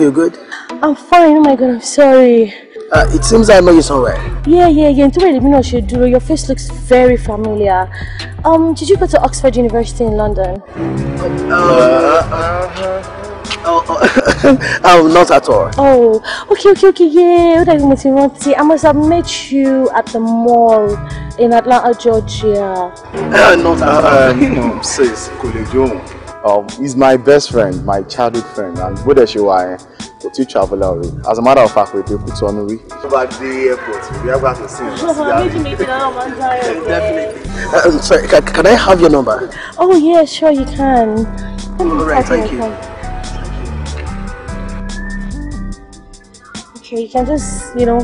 you good? I'm fine. Oh my god, I'm sorry. Uh, it seems I know you somewhere. Yeah, yeah, yeah. In two minutes, you Do your face looks very familiar. Um, did you go to Oxford University in London? Uh, uh, oh, oh, oh, not at all. Oh, okay, okay, okay, yeah. I must have met you at the mall in Atlanta, Georgia. Uh, not at all. Um, sis, Um, he's my best friend, my childhood friend, and what she why? kò tí travel out rí as a matter of fact èdè kò tọ́nu rí. tó bá dé airport ìwé àgbà tó sí ìrìn sí yàrá definitely. Um, sorry can, can I have your number. oh yeah sure you can. all right thank you. okay you can just you know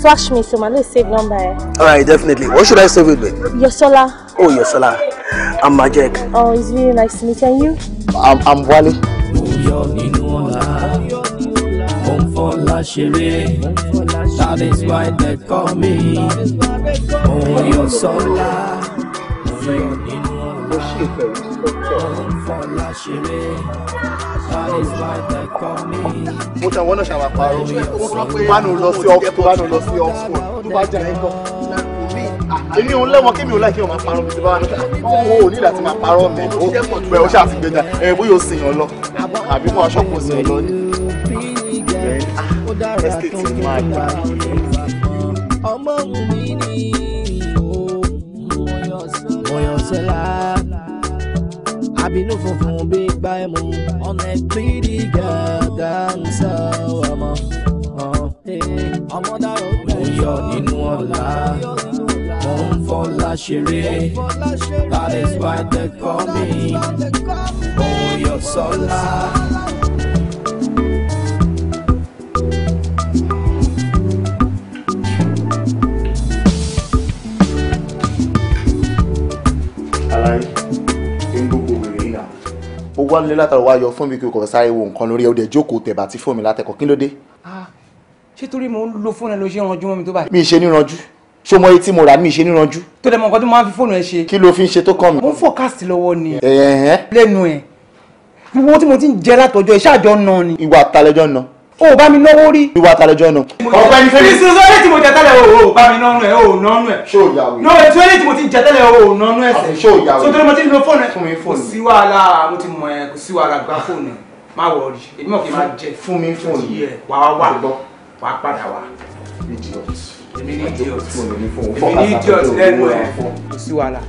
flash me some, my little save number. Eh? all right definitely what should I save with me? Your Yosola. oh your Yosola I'm Majek. oh it's really nice to meet you. I'm, I'm Wale. Fọláṣeré. That is why they call me Oyèsọ́lá. Oyè nínú ọ̀la. Fọláṣeré. That is why they call me. Mo Èmi ò lẹ́wọ̀n kí mi ò láì kí wọ́n máa parọ́ mi ti bá wà níta. Wọ́n ò ní láti máa parọ́ mi. Ó bẹ̀rẹ̀ ó ṣàfihàn ẹ̀bú yóò sìn yàn lọ. Àbí mo aṣọ́kùn sìn lọ ni ó dára tó ń gbà ọmọ wù mí ni mọ̀yọ̀sẹ́lá àbínú funfun bí gbá ẹ̀mú ọ̀nà ìpínlẹ̀ gàgà ń sọ ọmọ ọmọ dára ó gbà yọ nínú ọ̀la mo ń fọlá ṣeré that is why they call me Mọ̀yọ̀sọ́lá. wá nílé látàrí wá yọ fún mi kí o kò sáré wo nǹkan lórí ọdẹ jókòó tẹ̀bà tí fóònù látẹ̀kọ̀ kí ló dé. Ah, ṣé torí mo ń lo fóònù ẹ ló ṣe ń ranjú mọ́ mi tó báyìí. mi ì ṣe ní ranjú ṣó mọ etí mo rà mí ṣe níranjú. tó dẹ̀ mọ nǹkan tó máa ń fi fóònù ẹ ṣe. kí ló fi ń ṣe tó kàn mí. mo ń fọkásì lọ́wọ́ ni. lẹ́nu ẹ̀ gbogbo tí mo ti ń jẹ látọjọ́ iṣẹ́ àjọ náà ni. ìwà àtàlẹ́jọ́ náà o bá mi náwó rí. ìwà àtàlẹ́jọ́ náà. ọ̀pẹ ní fẹ́mi. sísun sọ́ọ́lẹ̀ tí mo jẹ tẹ́lẹ̀ o ò bá mi nánú ẹ̀ o ò nánú ẹ̀. ṣé o yà wí. náà ètò ẹ̀lẹ́ tí mo ti jẹ tẹ́lẹ̀ o ò nánú ẹ̀sẹ̀. ṣé o yà wí. sotoro mo ti lo fóònù ẹ. fún mi fóònù. kò sí wàhálà mo ti mọ ẹ kò sí wàhálà gba fóònù ẹ má wọrí èmi mọ̀ kí n má jẹ. fún mi fóònù yẹ wà á wà wà á padà wà. èmi ní idiot èmi ní idiot lẹ́nu ẹ̀. kò sí wàhálà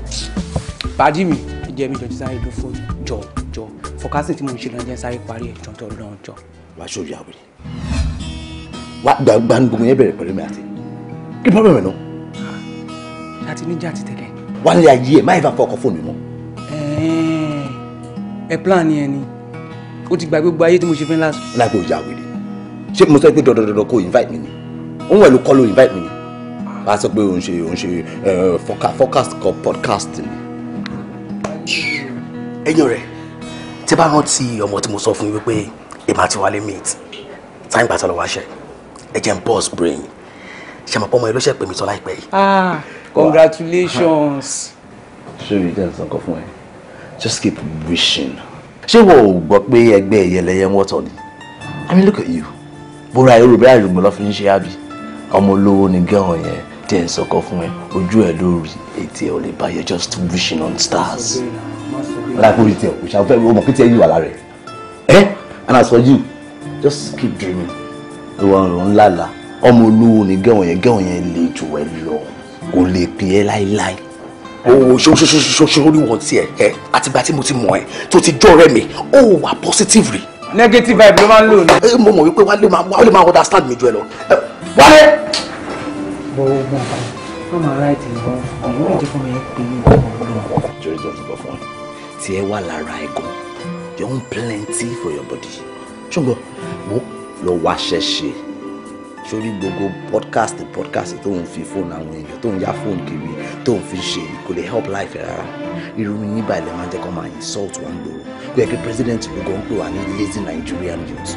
bàdí mi ìjẹ́ mi jọ ti sáré lọ fóònù jọ jọ fọkásì tí ń ṣe lọ́jọ́ sáré parí ẹ̀ jọ̀ǹtọ̀ lọ́jọ́. wàá ṣòyàwó rẹ̀ wá gbàgbà ní gbogbo yẹn bẹ̀rẹ̀ pẹ̀lú mi àti kí pọ́bẹ̀mù nù. àti ah, níjà àti tẹ̀kẹ́. wà á lè ayé ẹ̀ má ìfà fọkàn fóònù mọ́. ẹ plan ni ẹ ni ó ti gba gbogbo ayé tí mo ṣe fẹ́ lásán. láìpẹ́ òjà wèrè ṣé mo sọ pé dandandandan kò invite mi ni òun wẹ̀ ló kọ́ ló invite mi ni wàá sọ pé òun ṣe òun ṣe forecast kọ podcast ni. ẹ̀yin rẹ̀ tí bá rántí ọmọ tí mo sọ fún yín wípé èmi àti Wálé meet táyìn gbà sọ̀rọ̀ wá ṣe ẹ jẹ́ n pause brain ṣe mọ̀ pọ́ ọmọ ìlóṣẹ̀ pèmí sọ láìpẹ́ yìí. ah congratulations. ṣé mi jẹ́ nsọ́kọ̀ fún just keep wishing. ṣé wo ò gbọ́ pé ẹgbẹ́ ìyẹlẹyẹ ń ni i mean look at you bóra irú bí àrùn lọ́ fi ń ṣe àbí ọmọ olówó ni gẹ́hàn yẹn tí ẹ̀ ń sọ̀kọ̀ fún ẹ ojú ẹ̀ lórí ètè ò just wishing on stars. alákòóyè tiẹ̀ kò ṣàfẹ́ ọmọ pété yìí wà lára ẹ̀ ẹ́ eh? and as for you just keep dreaming. ìwọ ọ̀rọ̀ ńlá la ọmọ olówó ni gẹ́wọ̀n yẹn gẹ́wọ̀n yẹn lè jù ẹ lọ kò lè pín ẹ láéláé. o ṣoṣoṣoṣoṣori wọn tiẹ ẹ àtìgbà tí mo ti mọ ẹ tó ti jọ ọ̀rẹ́ mi ó wà positive rí. negative vibe ló máa ń lò ní. ẹ mo mọ̀ wípé wálé máa wálé máa understand mi jù ẹ lọ wálé. bọ ogun ọba ló máa ra ètò ìwọ ìwọ ìjẹkùn mi pè mí ọmọ ọlọ́run. jẹ́rìí jẹ́ ti bọ̀ fún ọ tí ẹ wà lára ẹ̀gọ́ you want plenty for your body ṣùgbọ́n wo lọ wá ṣẹ̀ṣẹ̀ sórí gbogbo podcast podcast tó ń fi fóònù àwọn èèyàn tó ń ya fóònù kiri tó ń fi ṣe kò lè help life rárá irú mi nígbà ilẹ̀ máa ń jẹ́ kó máa insult wa ń gbòòrò kó yẹ kí president ìlú gan pè wá ní lazy Nigerian youth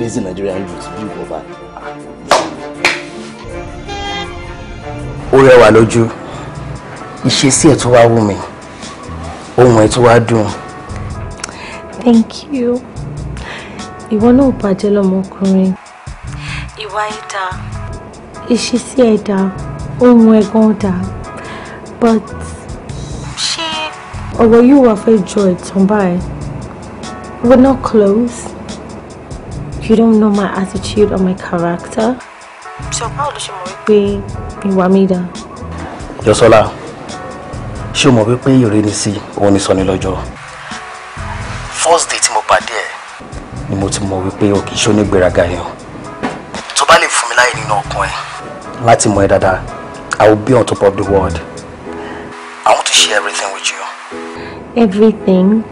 lazy Nigerian youth bí ìwọ bá. ó rẹwà lójú ìṣesí ẹ̀ tó wá wù mí ohun ẹ̀ tó wá dùn. Thank you ìwọ náà bàjẹ́ lọ́mọkùnrin ìwà ẹ̀dá ìṣesí ẹ̀dá ohun ẹ̀gbọ́n dà but ṣé ọ̀rọ̀ yóò wá fẹ́ jọ ìtàn báyìí we're not close you don't know my attitude or my character ṣọ báwo ló ṣe mọ̀ wípé ìwà mi dà. Jọsọ́lá ṣé o mọ̀ wípé ìrírí sí òun ni sọ ní lọ́jọ́ first date. mo pàdé ẹ̀ ni mo ti mọ̀ wípé o kì í ṣe onígbéraga yẹn tó bá lè fún mi láyè nínú ọkàn ẹ. láti mọ̀ ẹ́ dáadáa I will be on top of the world. I want to share everything with you. Everything?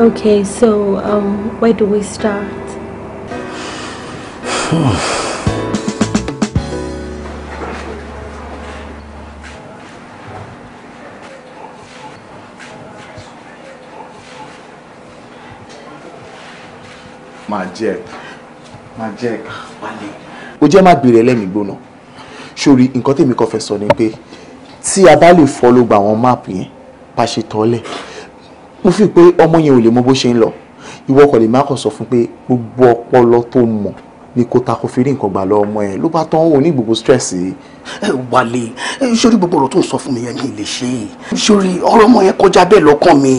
Okay, so um, where do we start? Hmm. Ma jẹ́ Ma máa jẹ́ ẹ̀ka wálé. o jẹ́ má bèrè ẹlẹ́mìí gbóná sórí nǹkan tèmi kan fẹ́ sọ ni pé tí a bá lè follow gba àwọn máàpù yẹn bá ṣe tọ́lẹ̀ mo fi pé ọmọ yẹn ò lè mọ bó ṣe ń lọ ìwọ kò lè má kàn sọ fún pé gbogbo ọpọlọ tó mọ̀ ni kò ta kò fi rí nǹkan gbà lọ ọmọ ẹ ló bá tán ò gbogbo stress wálé sórí gbogbo ọ̀rọ̀ tó sọ fún mi yẹn mi lè ṣe sórí ọ̀rọ̀ ọmọ yẹn kọjá bẹ́ẹ̀ lọ́kàn mi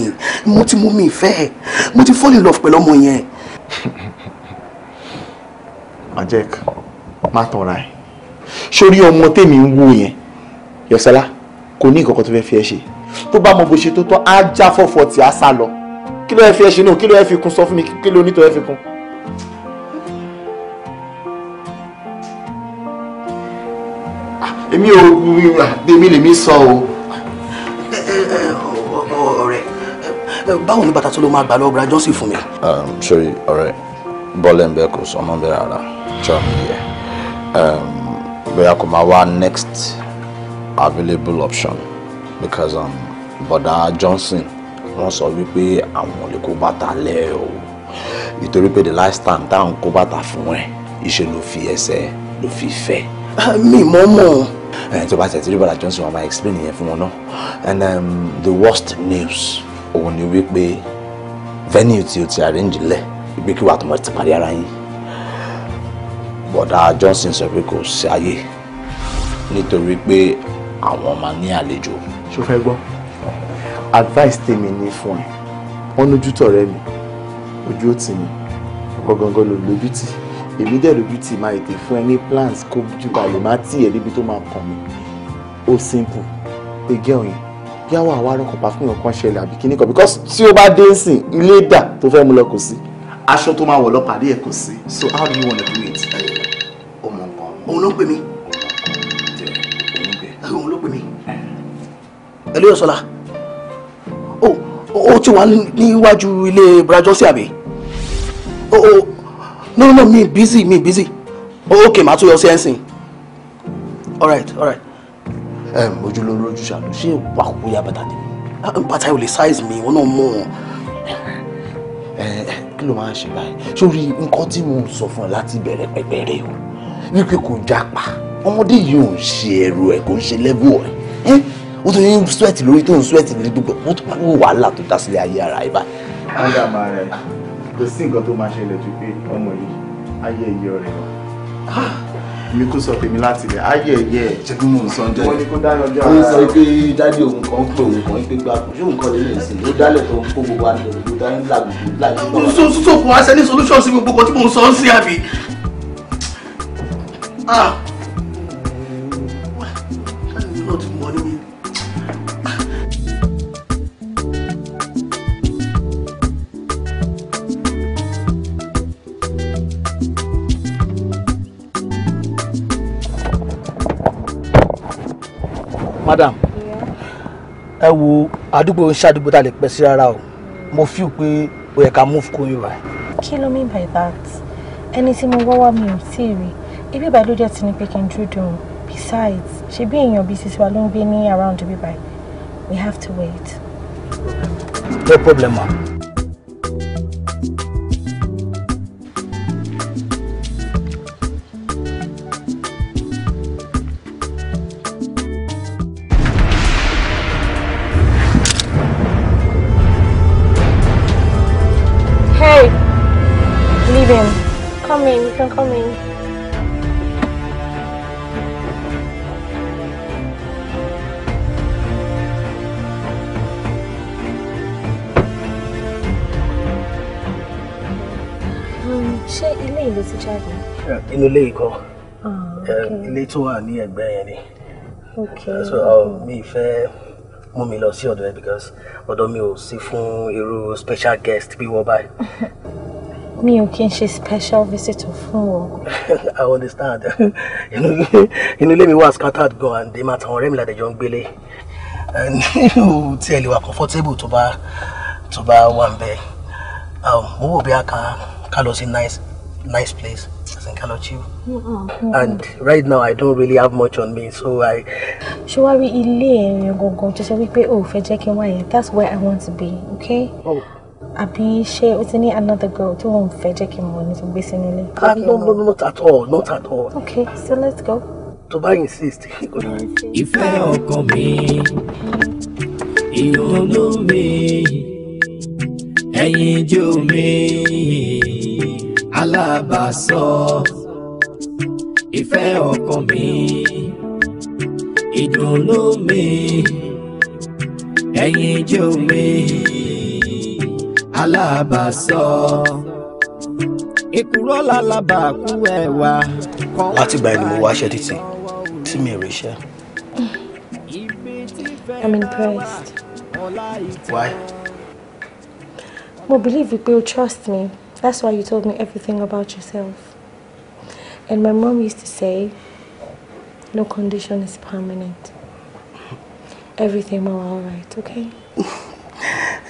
mo ti mú mi ìfẹ́ mo ti fall in pẹ̀lú ọmọ yẹn ajek má tọ̀ra ẹ̀ sórí ọmọ tèmi ń wò yẹn yọ̀sálá kò ní ìkọ̀kọ̀ tó fẹ́ fi ẹ ṣe tó bá mọ bó ṣe tó tán á já fọ̀fọ̀ tí a sá lọ kí ló ẹ fi ẹ ṣe náà kí ló ẹ fi kún sọ fún mi kí ló nítorí ẹ fi kún. Ah, èmi ò èmi lèmi sọ o. Eh, báwo ni bàtà tó ló máa gbà lọ́wọ́ Brian Johnson fún mi. Um, sorry ọ̀rẹ́ bọ́lẹ̀ ń bẹ kò sọ ọmọ ń bẹ rárá mi yẹ um, bóyá kò máa wá next available option because um, bọ̀dà Johnson wọ́n sọ wípé àwọn ò lè kó bàtà lẹ̀ o nítorí pé the last time táwọn kó bàtà fún ẹ iṣẹ́ ló fi ẹsẹ̀ ló fi fẹ́. Ah, mi mọ̀ mọ̀ eh, tó bá tẹ̀ tí rí bọ̀dà Johnson wọn máa explain yẹn fún wọn náà and um, the worst news òun ni wípé venue tí o ti arrange lẹ̀ ibi kí wàá tó mọ̀ ti parí ara yín bọ̀dá Johnson sọ pé kò sí àyè nítorí pé àwọn máa ní àlejò. ṣó fẹ́ gbọ́ advice tèmi ní fún ẹ wọ́n lójú tọ̀rẹ́ mi ojú ó tì mí ọkọ̀ gangan ló lójú tì èmi dẹ̀ lójú tì máa ètè fún ẹ ní plans kó jù balẹ̀ má tì ẹ́ níbi tó máa kàn mí ó simple pé gẹ́ òyìn yàwó àwa ọlọ́kọ̀ bá fún ọkàn ṣẹlẹ̀ àbí kíní kan because tí ó bá dé sìn ilé dà tó fẹ́ mú lọ kò sí aṣọ tó máa wọ̀ lọ pàdé ẹ̀ kò sí so how do you wanna do it? ọmọ nǹkan òun ló pè mí òun ló pè mí. ẹlú yóò sọlá ó ó ti wà níwájú ilé brajọ́sí àbí no no me busy me busy Okay, màá tún yọ sí ẹ̀ sìn all right all right ojúlówó lójú ṣàlù ṣé wàkúyà bàtà ni mi ah, bàtà yóò lè size mi wọn náà mọ wọn kí ló máa ń ṣe báyìí sórí nǹkan tí mo sọ fún ẹ láti bẹ̀rẹ̀ pẹ̀pẹ̀rẹ̀ o wípé kò jápa ọmọdé yìí ò ń ṣe ẹrù ẹ kò ń ṣe lẹ́bù ẹ ó tó ń sweat lórí tó ń sweat lórí gbogbo ó tó máa ń wò wàhálà tó dá sílé ayé ara ẹ báyìí. ọ̀gá máa rẹ̀ kò sí nǹkan tó máa ṣẹlẹ̀ ju pé ọmọ yìí ayé ẹ̀yẹ rẹ̀ wá mi kó sọ tèmi láti ilẹ̀ ayé ẹ̀yẹ ṣẹ́gun mò ń sọ jẹ́ wọ́n ní kó dáná jẹ́ ara ó sọ pé dájú òun kan ń òun kan pé gba ṣé òun lè lè sìn ó dálẹ̀ tó ń kó gbogbo àná ló dání làgbègbè lágbègbè. mo sọ fún wa ṣe ní solution sí gbogbo kan tí mo sọ ń sí àbí. Ah! madam ẹ wo àdúgbò ń ṣàdúgbò tá a lè pẹ́ sí rárá o mo feel pé ó yẹ ká move kó yín báyìí. kí ló mean by that ẹni tí mo wọ́wọ́ mi ò tí ì rí ibi ìbàdí ló jẹ́ ti ní pé kí n dúró dùn besides ṣe bí èèyàn bíi sisi wa ló ń gbé ní around ibi báyìí we have to wait. no problem ma. Am. can come in. ṣé ilé ìlú ti jáde. inú ilé ikọ ah, ilé tó wà ní ẹ̀gbẹ́ yẹn ni so um, mi fẹ́ mú mi lọ sí ọ̀dọ̀ ẹ because ọ̀dọ̀ mi ò sí fún irú special guest bí wọ́n báyìí. mi ò kí special visit fún ọ. I understand You inú ilé mi wà scattered go, and dem àtàwọn ọ̀rẹ́ mi ládẹjọ ń gbélé nínú tí tell you, wà comfortable to buy, to buy one bed. Um, we will be a kan ká lọ sí nice nice place as in ká lọ and right now I don't really have much on me so I. She wàá rí ilé ẹ̀yìn go tó ṣe wípé o oh, ò fẹ́ jẹ́ kí that's where I want to be okay. Oh àbí ṣé o ti ní another girl tí wọ́n fẹ́ jẹ́ kí n mọ̀ ní tó gbé sínú ah, no no no not at all not at all. okay so let's go. tó bá insist. ìfẹ́ ọkàn mi ìyọnu mi ẹ̀yin ijó mi alábàásọ ìfẹ́ ọkàn mi ìdùnnú mi ẹ̀yin ijó mi alábàásọ. èkúrọ́ làlábà kú ẹ̀wà. láti ìgbà ni mo wá aṣẹ́ títì tí mi rí iṣẹ́. I'm impressed. Why? Mo believe you will trust me. That's why you told me everything about yourself. And my mom used to say, no condition is permanent. Everything will all right, okay?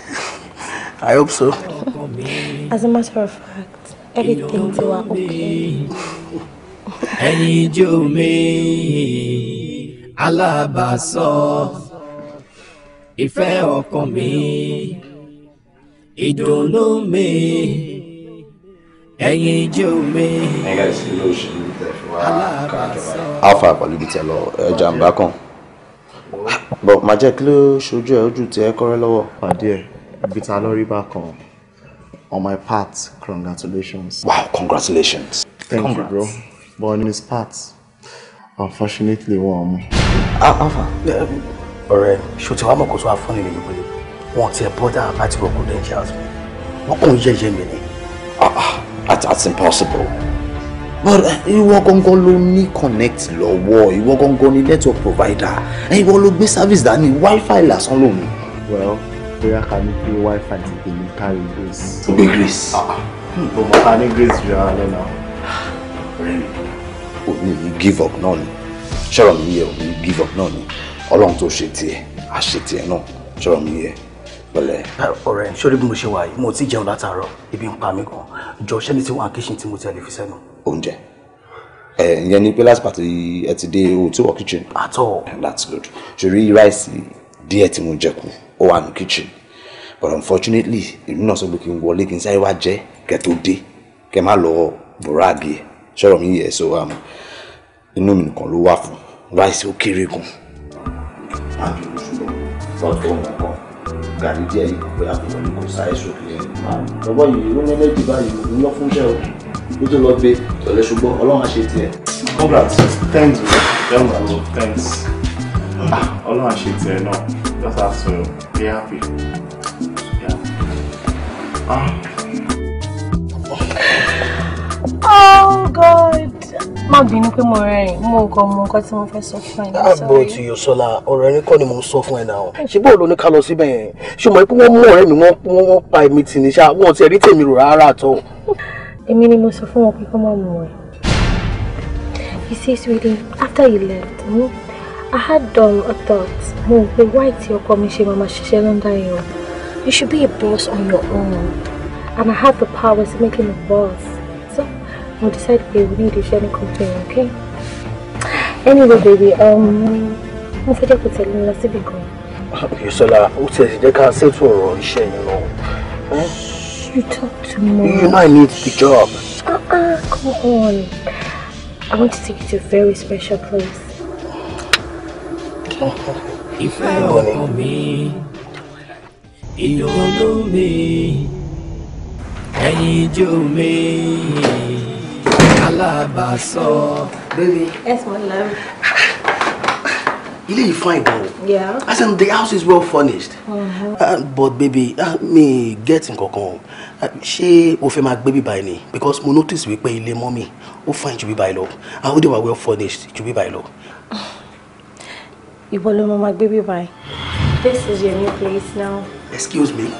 I hope so. As a matter of fact, everything ti wà okay. Ẹni ijó mi, alábàásọ, ìfẹ́ ọkàn mi, ìdùnnú mi, ẹyin ijó mi. Ẹ̀ka ìsinmi òṣèlú tẹ̀ fún wa káàdọ̀. Alfa pẹ̀lú ibi tí ẹ lọ, ẹ jàǹbá kan. Bọ̀ máa jẹ́ kí ló ṣojú ẹ ojú ibi tá a lọ rí bákan on my part congratulations. wow congratulations. thank Congrats. you bro but on his part unfortunately wọn mu. alpha ah, ah. ọ̀rẹ́ ṣòtò àmọ́ kò tó afọ́nì lè gbé wọn ti ẹ̀ bọ́dà láti rọ̀ credentials mi wọn kàn ń yẹ̀yẹ́ mi ni. Ah, that's impossible. But eh, ìwọ gangan ló ní connect lọ́wọ́ ìwọ gangan ní network provider and eh, ìwọ ló gbé service that Wi-Fi. lásán lòun. well bóyá can ní pé wifi ti pè ní kárí grace. ó gbé grace. Ah, ah. but ká ní grace ju ara lọ́nà. ọ̀rẹ́ mi ò give up none. ni ṣọ́rọ̀ mi yẹ give up none. Along to tó ṣe tiẹ̀ á ṣe tiẹ̀ náà ṣọ́rọ̀ mi yẹ pẹ̀lẹ́. ọ̀rẹ́ sórí bí mo ṣe wà yìí mo ti jẹun látàárọ̀ ibi ń pa mí gan jọ ṣẹ́ni tí wọ́n á kíṣìn tí mo tẹ̀lé fi sẹ́nu. oúnjẹ ẹ ìyẹn ni pé last part ẹ ti dé o wọ kitchen. at all. that's good ṣòrí ráìsì díẹ̀ tí mo jẹ kù ó wà ní kitchen but unfortunately ìlú náà sọ pé kí n wọlé kí n sáré wá jẹ kẹ tó dé kẹ má lọ bùrọ̀ àbí ẹ sọ̀rọ̀ mi yẹ so um, inú mi nìkan ló wà fún rice ó kéré gan. àbí díẹ̀ ní pé àbúrò ní kò sáré sókè ẹ̀ lọ́wọ́ yìí ó mẹ́lẹ́ jù báyìí ló ń lọ fún iṣẹ́ o tó lọ gbé tọ̀lẹ́ ṣùgbọ́n ọlọ́run ṣe tiẹ̀. congrats thanks bro thanks ah, ọlọ́run á ṣe tiẹ̀ náà just have to be happy. Yeah. Ah. Oh God. Má bínú pé mo rẹ́rìn, mo nǹkan mo nǹkan tí mo fẹ́ sọ fún ẹ ní sọ́rí. Àbò tí yóò sọ́la, ọ̀rọ̀ ẹni kọ́ ni mo ń sọ fún ẹ náà. Ṣé bóòlù ló ní ká lọ síbẹ̀ yẹn? Ṣé o mọ̀ pé wọ́n mú ọ̀rẹ́ mi wọ́n pa èmi tì ní ṣá, wọ́n ti ẹ̀rí tèmi rò rárá àtọ̀. Èmi ni mo sọ fún wọn pé kọ́ mọ̀ mọ̀ ẹ̀. He says, really, after you left, moved I had um, a thought. Mo pe why tí ọkọ mama. ṣe máa ṣiṣẹ́ lọ́ndà You should be a boss on your own. And I have the power to make him a boss. So, mo decide if we need iṣẹ́ ní company, okay? Anyway, baby, um, mo fẹ́ jẹ́ kó tẹ̀lé mi lọ síbi kan. Yọ̀sọ́lá, ó tiẹ̀ sì jẹ́ ká ṣètò ọ̀rọ̀ iṣẹ́ or share? You know? Shh. You talk too much. You might need the job. Uh-uh, come on. I want to take you to a very special place ìfẹ́ ọ̀rọ̀ mi ìdùnnú mi ẹ̀yin ijó mi alábàásọ. baby. yes my love. ilé yìí fine gan. yeah. as in the house is well furnished. Mm -hmm. uh, but baby uh, mi get nkankan uh, ṣé o fẹ́ máa gbé bíbá ni because mo notice wípé ilé mọ́mì ó fine ju bíbá ẹ lọ and ó dẹ̀ wà well furnished ju bíbá ẹ lọ. Ibo ló máa gbé bí báyìí. This is your new place now. Excuse me.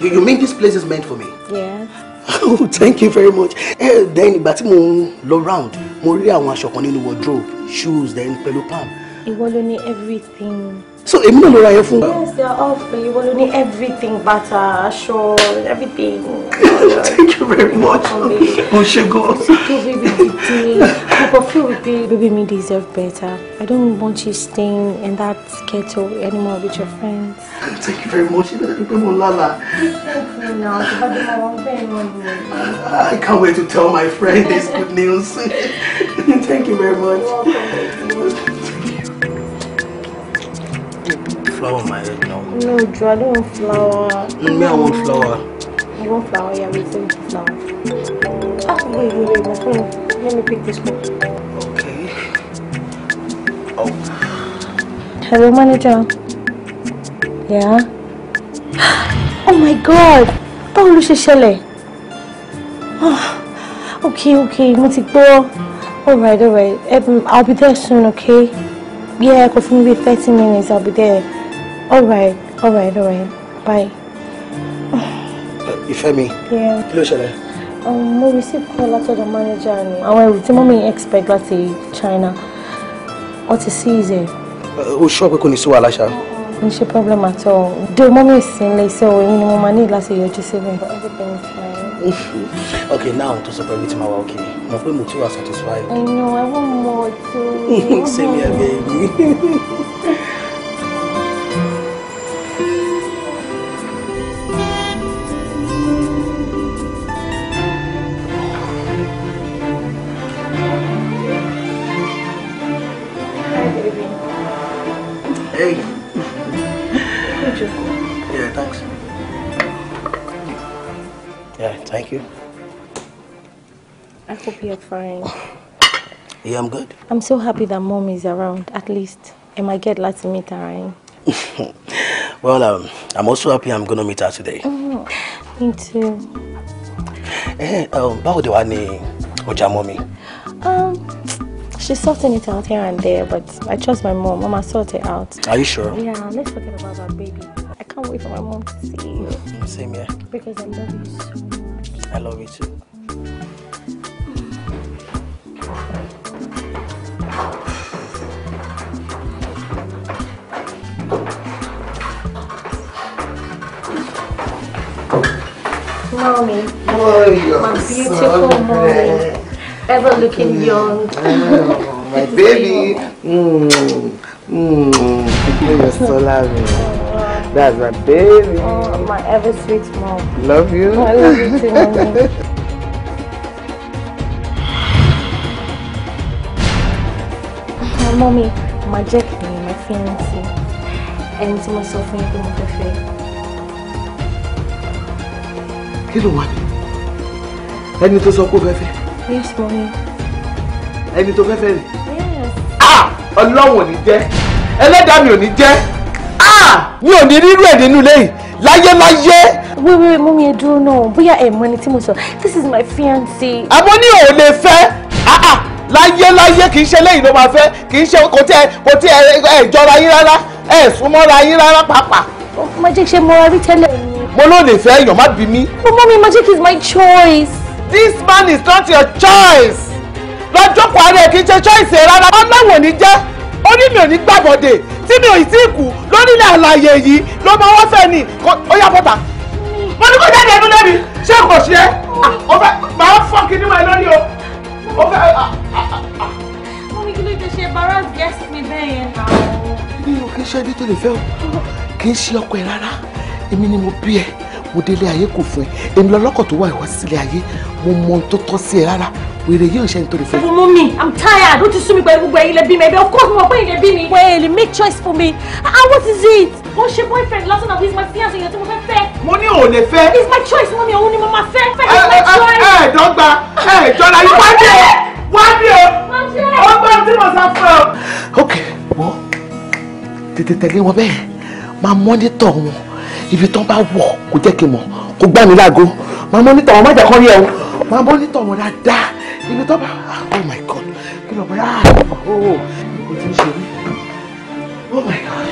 You, you mean this place is meant for me? Yes. Oh, thank you very much. Eh, then ìgbà tí mo ń round, mo rí àwọn aṣọ kan nínú wardrobe, shoes, then pelu palm. Ìwọ ló ní everything so èmi náà ló ra yẹn fún. yes they are all You wọ́n ló ní everything bàtà aṣọ everything. thank you very much o ṣe gan. it's okay baby didi i go feel with you. baby me deserve better i don't want you staying in that ghetto anymore with your friends. thank you very much ibẹ̀ ló pé mo lálàá. i can't wait to tell my friend this good news thank you very much. You're welcome, flower on my head now. No, Joe, I don't want flower. Mm, me, I want flower. You want flower? Yeah, we send flower. Ah, wait, wait, wait, wait. Let me pick this one. Okay. Oh. Hello, manager. Yeah? Oh my god! Báwo ló Shelley? Oh. Ah, okay, okay, mo ti gbọ́. Alright, alright. Um, I'll be there soon, okay? Yeah, kò maybe mi 30 minutes, I'll be there all right all right all right bye. Ìfẹ́mi kí ló ṣẹlẹ̀. Um, mo receive call látọ̀dọ̀ manager ni àwọn ẹrù tí mọ́mí expect láti China wọ́n ti seize ẹ̀. E. Uh, o ṣọ́ pé kò ní sí wàhálà ṣá. n ṣe problem at all do mọ́mí ìsìn lè ṣe òun ni mo máa ní láti yọjú síbẹ̀. okay now to support me to my work here mo pe mo ti wa satisfied. I know I want more too. same here baby. you're fine. Yeah, I'm good. I'm so happy that mom is around, at least. I might get lots like, to meet her. Right? well, um, I'm also happy I'm going to meet her today. Oh, me too. Hey, eh, um, how báwo de wá ní your mommy? Um, she's sorting it out here and there, but I trust my mom. Mama sort it out. Are you sure? Yeah, let's forget about that baby. I can't wait for my mom to see you. Mm, same here. Because I love you so much. I love you too. Mommy. Oh, my beautiful so mommy. Ever looking mm. young. Oh, my baby. Mmm. Mmm. You're so loving. That's my baby. Oh, my ever sweet mom. Love you. I love you too, mommy. mọ́mí my jẹ́ my n máa fi ń sí ẹni tí mo sọ what? yín pé mo fẹ́ fẹ́. kí yes mommy. ẹni tó fẹ́ fẹ́ yes. ah ọlọ́run ò ní jẹ́ ẹlẹ́dàá mi ò ní jẹ́ ah mi ò the rírú ẹ̀ nínú lẹ́yìn láyéláyé. wíwí wait, wait, mommy. I don't know. mọ ẹni tí mo sọ this is my fiancé. I'm ní your lè fẹ́ ah ah láyéláyé kì í ṣe léyìn ló máa fẹ́ kì í ṣe kò tí ẹ kò tí ẹ ẹ jọra yín rárá ẹ súnmọ́ra yín rárá pàápàá. mo jẹ́ ṣe mo rí tẹ́lẹ̀ ni. mo ló lè fẹ́ èèyàn má bí mi. mo mọ́ mi magic is my choice. this man is not your choice. lọ́jọ́ kan àárẹ̀ kì í ṣe choice ẹ̀ rárá. ọlọ́wọ̀n ni jẹ́ ó ní mi ò ní gbàbọ̀dẹ̀ tí mi ò tí ì kú lórílẹ̀ àlàyé yìí ló máa wọ́n fẹ́ ni ó yá bọ́tà mo ní kó jáde ẹnu lẹ́mi ṣé kò ṣe é ọ̀fẹ́ ah, màá fọ́ kí ni wọ́n ẹ lórí o ọ̀fẹ́ ṣe barras guest mi bẹ́ẹ̀ náà. mi ò kí ń ṣe ẹbí tó lè fẹ́ o kì í ṣe ọkọ ẹ rárá èmi ni mo bí ẹ mo délé ayé kò fún ẹ èmi lọlọ́kọ̀ tó wà ìwọ sílé ayé mo mọ tó tọ́ sí ẹ rárá wèrè yìí ò ṣe nítorí fún ẹ. fún mi i'm tired ó ti sú mi pẹ̀lú gbogbo ẹ̀yin lẹ́bí mi ẹ̀bẹ̀ of course mo pé ẹ̀yin lẹ́bí mi. well make choice for me ah what is it. mo ṣe boyfriend lásán náà he's my fiance èèyàn tí mo fẹ́ fẹ́. mo ní òun lè fẹ́. it's my choice mọ́mi òun ni mo máa fẹ́. fẹ́ it's choice. ẹ ẹ dọ́gba ẹ jọra yín wá dé wá ọgbà tí mo sá fún ọ. ok wọ́n tètè tẹ̀lé wọn bẹ́ẹ̀ máa mọ́nítọ̀ wọn ibi tán bá wọ̀ kó jẹ́ kí n mọ̀ kó gbá mi láago máa mọ́nítọ̀ wọn má jà kán ẹ o máa mọ́nítọ̀ wọn dáadáa ibi tán bá oh my god kí lọ bá yà ó oh, kò tí ń ṣe mí oh my god.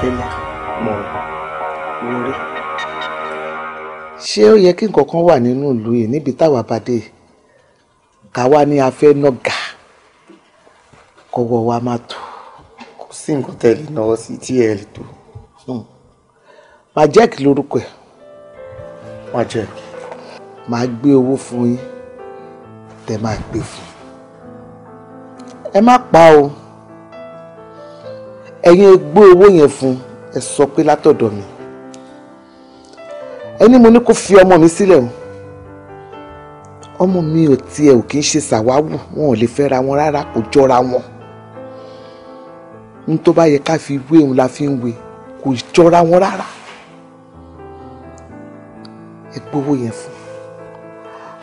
Stella mọ̀rọ̀ lórí. ṣé ó yẹ kí nǹkan kan wà nínú ìlú yìí níbi táwa bá dé káwa ni a fẹ́ nàgà kọ́wọ́ wa má tó. kò sí nǹkan tẹ́ lè náwó sí tí ẹ lè tó. Majek lórúkọ ẹ̀. Majek. màá gbé owó fún yín tẹ́ máa gbé fún ẹ má pa o ẹ̀yin gbé owó yẹn fún ẹ sọ pé látọ̀dọ̀ mi ẹni mo ní kó fi ọmọ mi sílẹ̀ o ọmọ mi ò tiẹ̀ ò kì í ṣe ṣàwáwù wọn ò lè fẹ́ra wọn rárá kò jọra wọn n tó bá yẹ ká fi wé òun la fi ń wé kò jọra wọn rárá ẹ gbowó yẹn fún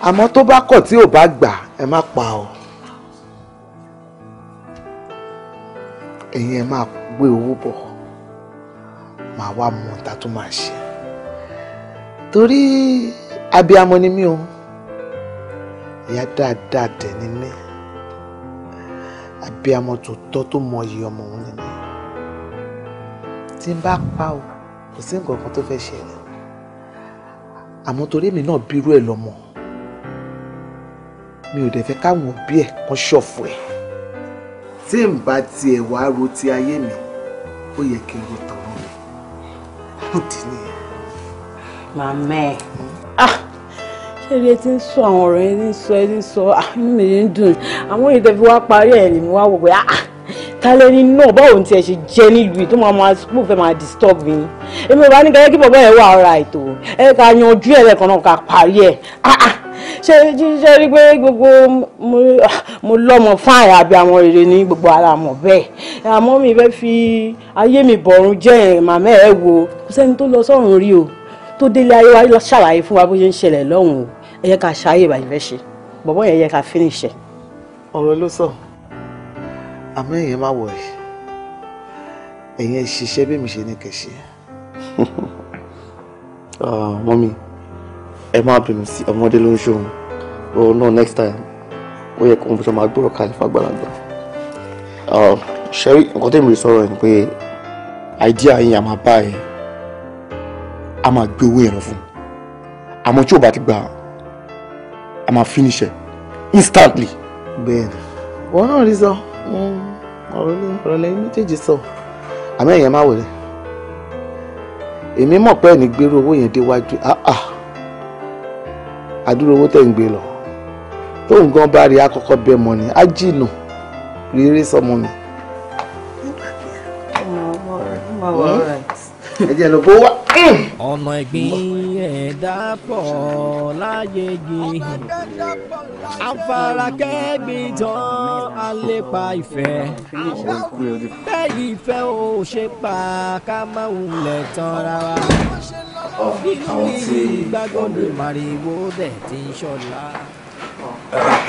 àmọ́ tó bá kọ̀ tí ò bá gbà ẹ má pa ọ́ ẹ̀yin ẹ máa gbé owó bọ̀ màá wá mọ ta tó máa ṣe torí abiyamọ ni mí o ìyá dáadáa dẹ̀ ni mí abiyamọ tòótọ́ tó mọyì ọmọ òun ni mí tí n bá pa o kò sí nǹkan kan tó fẹ́ ṣẹlẹ̀ àmọ́ torí èmi náà bírú ẹ̀ lọ́mọ mi ò dẹ̀ fẹ́ káwọn òbí ẹ̀ kan ṣọ̀fọ̀ ẹ̀ tí n bá tiẹ̀ wá ro ti ayé mi ó yẹ kí n lè tọ̀rọ̀ mi ó dì nìyẹn. màmá ẹ ah! ṣé ilé tí ń sọ àwọn ọ̀rọ̀ yẹn ní sọ ẹ ní sọ ah, inú mi ń dùn àwọn ìdẹ̀bí wa parí ẹ̀ ni mo wá wò pé ah, tálẹ́ ní náà báwo ni tiẹ̀ ṣe jẹ́ nílùú yìí tó máa máa school fẹ́ máa disturb mi èmi ò bá ní kẹ́kẹ́ kí bàbá ẹ̀ wà ọ̀rọ̀ àìtó ẹ̀ ká yanjú ẹ̀ lẹ́ẹ̀kan náà ká parí ẹ̀ ṣe ṣe rí pé gbogbo mo lọ́mọ fáìn àbí àwọn èrè ní gbogbo ara mọ̀ bẹ́ẹ̀ àmọ́ mi fẹ́ fi ayé mi bọ̀rùn jẹ́ ẹ̀ màmá ẹ̀ wo kò sẹ́ni tó lọ sọ́run rí o tó délé ayé wa ṣàlàyé fún wa bó ṣe ń ṣẹlẹ̀ lọ́hùn-ún ẹ yẹ ká ṣàyè ìbàjẹ́ fẹ́ ṣe bọ̀bọ́ yẹn yẹ ká finish ẹ̀. ọ̀rọ̀ ló sọ àmọ́ èèyàn má wọ̀ ẹ̀ ẹ̀yìn ẹ̀ ṣiṣẹ́ bí mi ṣe ní kẹ̀ ah, mọ́mí ẹ má bínú sí ọmọdé ló ń ṣòun oh no next time ó yẹ kó n bọ́sọ̀ máa gbọ́rọ̀ kalẹ̀ fàgbàlagbà um, ṣẹ́rí nǹkan tẹ́mi rí sọ̀rọ̀ ni pé àìdíà yín a máa bá ẹ a máa gbé owó ìran fún àmọ́ tí ò bá ti gbà a máa finish ẹ instantly. bẹ́ẹ̀ni wọn náà rí sọ hmm, ọ̀rọ̀ ní ọ̀rọ̀ lẹ́yìn méjèèjì sọ àmọ́ ẹ̀yẹn má wọlé èmi mọ̀ pé ẹni gbèrú owó yẹn déwájú ah ah àdúrà owó tẹ̀ ń gbé lọ tóun gan bá rí akọkọ bẹ mọ ni á jìnà rere sọmọ mi. Hmm? Hmm? ọ̀nà ẹ̀gbin ẹ̀dá pọ̀ láyé yìí àfarakẹ́gbin tán á lépa ìfẹ́ bẹ́ẹ̀ ìfẹ́ ò ṣe pa ká má wulẹ̀ tán rárá nínú ìgbàgbọ́ ni màrìwò dẹ̀ ti ń ṣọ̀la.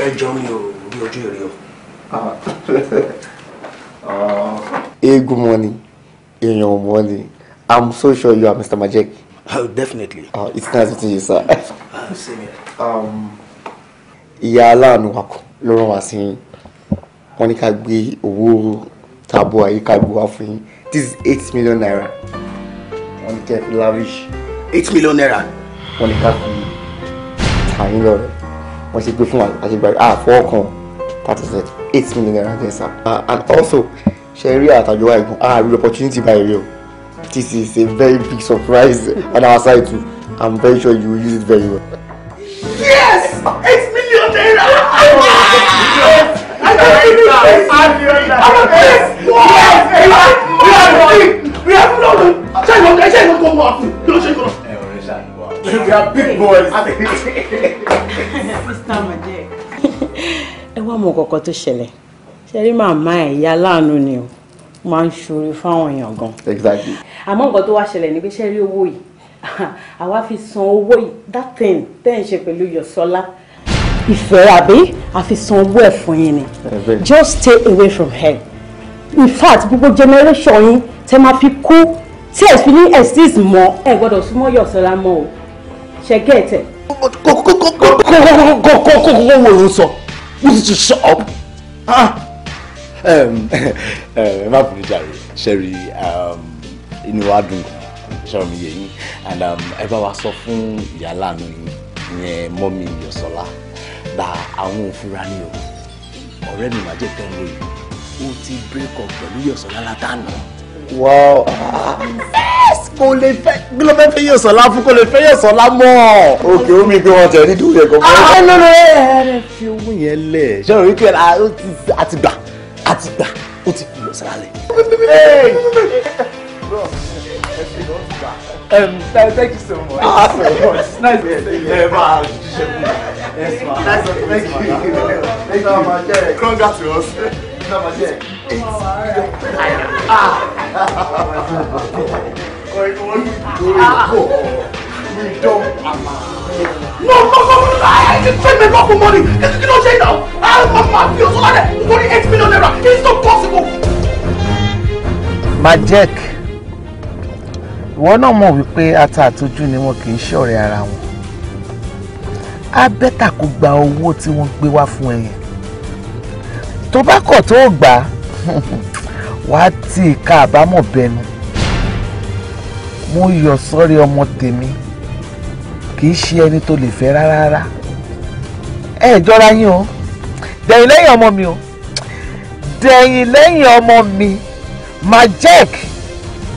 ẹ jọ mi ò rí ojú èrè o. eégún mọ́ ni èèyàn mọ́ ni I'm so sure you are Mr. Majek. Oh, definitely. Ah, oh, it's nice meeting you, sir. Same here. Um, ìyá aláàánú wa kọ ló rán wa sí yín wọ́n ní ká gbé owó tabo ayé gbé wá fún yín this is eight million naira wọ́n ní kẹ́ fi lavish. eight million naira. wọ́n ní ká fi ta yín lọ rẹ̀ wọ́n ṣe gbé fún àṣegbà ah fọwọ́ kan thirty percent eight million naira there sir. Ah, and also ṣe rí àtàjọ àìgùn ah real opportunity báyìí rí o this is a very big surprise on our side too i'm very sure you will use it very well. yes eight million naira. yes i don really face you i don face yes we are big we are full of ṣe ìwọ ṣe ìwọ gbogbo ọtún kí ló ṣe ìwọ. ẹ we are big boys. mr majek. ẹ wá mọ kọkọ tó ṣẹlẹ̀ ṣe rí màmá ẹ ìyá láàánú ni o máa ń ṣoore fáwọn èèyàn gan. exactly àmọ́ nǹkan tó wá ṣẹlẹ̀ ní pé ṣe rí owó yìí àwa fi san owó yìí that thing tẹ́ ẹ̀ ń ṣe pẹ̀lú Yọ̀sọ́lá ìfẹ́ àbí àfi san owó ẹ̀ fún yín ni just stay away from her in fact gbogbo generation yín tẹ́ máa fi kú tí ẹ̀ fi ní exist mọ́ ẹ̀ gbọ́dọ̀ súnmọ́ Yọ̀sọ́lá mọ́ o ṣe gẹ́ẹ̀tẹ̀. kókókókókókókókókó wo ló ń sọ wọ́n ti shut up ẹ má bínú jàre ṣe rí inú wa mi yẹ yín and um, ẹ bá wa sọ fún ìyá láàánú yín yẹn mọ́mí Yọ̀sọ́lá da àwọn òfúra ni o ọ̀rẹ́ mi màjẹ́ kẹrin lóyún ó ti break up pẹ̀lú Yọ̀sọ́lá látànà. wow kò lè fẹ́ kí ló fẹ́ fẹ́ Yọ̀sọ́lá fún kò lè fẹ́ Yọ̀sọ́lá mọ́. òkè omi gbé wọn tẹ̀ nídìí òye kan. ẹ ah, ẹ fi owó yẹn lẹ̀ sọ̀rọ̀ wípé àti gbà àti gbà ó ti fi Yọ̀sọ́lá lẹ̀. Um, thank you so much. Ah, so much. It's nice to see you. Yeah, man. Yes, man. Thank to Thank you. Thank you Thank you. Thank you. us. No, no, no, no, I didn't spend my lawful money. You know, say now, I'm a mafia, so like that, 48 million naira. It's not possible. Oh, ah. Majek ìwọ náà mọ̀ wípé ata àtọjú ni wọn kì í ṣọ̀rẹ́ ara wọn á bẹ́tà kó gba owó tí wọ́n gbé wá fún ẹyẹ tó bá kọ̀ tó gbà wàá ti ìka àbámọ̀ bẹnu mo yọ̀ sọ́rí ọmọ tèmi kì í ṣe ẹni tó lè fẹ́ rárá rárá ẹ jọra yín o dẹ̀yìn lẹ́yìn ọmọ mi o dẹ̀yìn lẹ́yìn ọmọ mi majek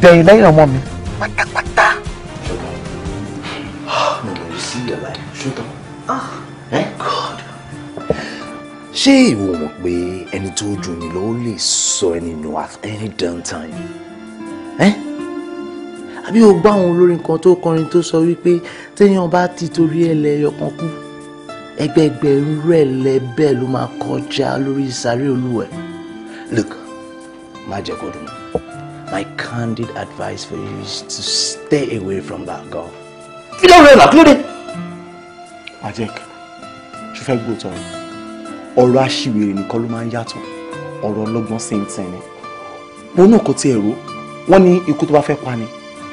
dẹ̀yìn lẹ́yìn ọmọ mi pátápátá. ṣùgbọ́n ah, mi lè sí ìyàlá ẹ̀ ṣùgbọ́n ẹ God ṣé ìwọ mọ̀ pé ẹni tó jù ni ló lè sọ ẹni nù at any damn time ẹ eh? àbí o gbá àwọn olórin kan tó kọrin tó sọ wípé téèyàn bá ti torí ẹlẹ́yọkan kú ẹgbẹgbẹ̀rún rẹ̀ lẹ́bẹ̀ẹ́ ló máa kọjá lórí ìsàrí olúwẹ̀ look má jẹ́ kó dùn My candid advice for you is to stay away from that girl. you don't run out, lóde. Ajek, ṣe fẹ́ gbóòótọ́ ni. Ọ̀rọ̀ aṣiwèrè nìkan ló máa ń yato. Ọ̀rọ̀ ọlọ́gbọ́n sì ń tẹ̀ ni. Wọn náà kò tiẹ̀ rò. Wọ́n ní ikú tó bá fẹ́ pa ni.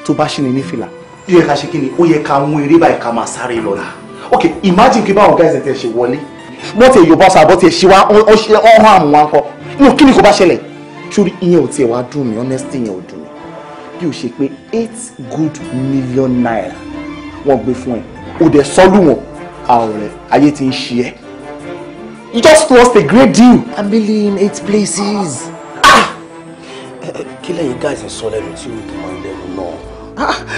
Tó bá ṣì ní nífìlà. Ó yẹ ká ṣe kí ni? Ó imagine kí báwọn guys ẹ̀ tẹ̀ ṣe wọlé. Bọ́tẹ̀ Yorùbá sá bọ́tẹ̀ ṣe wá ọ̀hún àmúwá ńkọ. Nù kí ni kò bá ṣẹlẹ̀? sórí ìyẹn ò tiẹ̀ wá dùn mí honestly ìyẹn ò dùn mí bí o ṣe pé eight good million naira wọ́n gbé fún ẹ o dẹ̀ sọ́lù wọn àwọn ayé ti ń ṣe ẹ́ you just lost a great deal. a million eight places. Ah! kí lẹ́yìn guys ń sọ lẹ́nu tí ó dùn máa ń lẹ́nu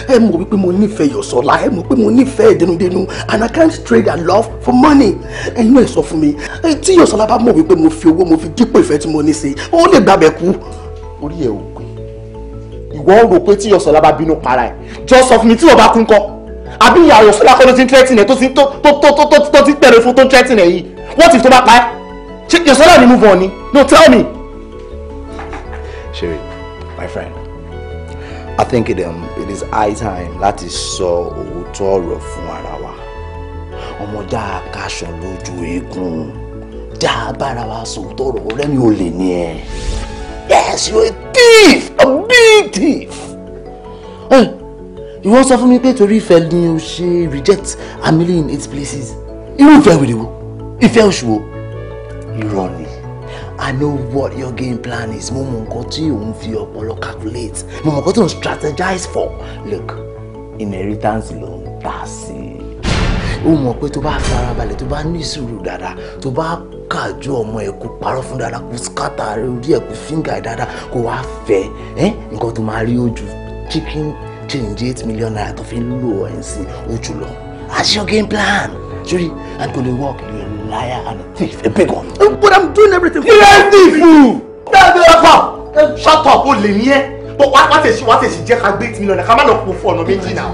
ẹ mọ̀ wípé mo nífẹ̀ẹ́ Yọ̀sọ́lá ẹ mọ̀ pé mo nífẹ̀ẹ́ dénúdénú and I can't trade her love for money ẹ̀yin náà sọ fún mi tí Yọ̀sọ́lá bá mọ̀ wípé mo fi owó mo fi dípò ìfẹ́ tí mo ní sí ó lè gbàbẹ̀ kú. orí ẹ ò pé ìwọ rò pé tí Yọ̀sọ́lá bá bínú para ẹ jọ sọ fún mi tí wọ́n bá kún kọ́ àbí ìyá Yọ̀sọ́lá kọ́ ló ti ń tẹ́tì nẹ tó ti ń pẹ̀rẹ̀ fún tó ń tẹ́tì nẹ yìí wọ́n ti tó bá pa ẹ́ ṣe ni move on ni no tell me. Sherry, my friend I think it, um, it is high time láti sọ òótọ́ ọ̀rọ̀ fún ara wa ọmọ dáa káṣọ lójú eégún dáa bára wa sòótọ́ ọ̀rọ̀ ọ̀rẹ́ mi ò lè ní ẹ yes you are a thief a big thief ìwọ sọ fún mi pé torí ìfẹ́ ni o ṣe reject a million in eight places irú ìfẹ́ wèrè wo ìfẹ́ oṣù wo irọ́ ni I know what your game plan is. Mo mọ̀ nǹkan tí òun fi ọpọlọ calculate. Mo mọ̀ nǹkan tí òun strategize for. Look, inheritance ló ń tà sí. Ó mọ̀ pé tó bá farabalẹ̀, tó bá ní sùúrù dáadáa, tó bá kájú ọmọ ẹ̀ kó parọ́ fún dáadáa, kó skátà orí ẹ̀ kó fíńgà ẹ̀ dáadáa, kó wá fẹ́ nǹkan tó máa rí ojú chicken change eight million naira tó fi ń lò ẹ̀ sí ojú lọ. That's your game plan. Sori, and kò lè work lórí liar and a thief, a big one. But I'm doing everything. You are thief! That's the Shut up, ó lè But what what is what is she just eight million? Ká má lọ pò fún ọ̀nà méjì now.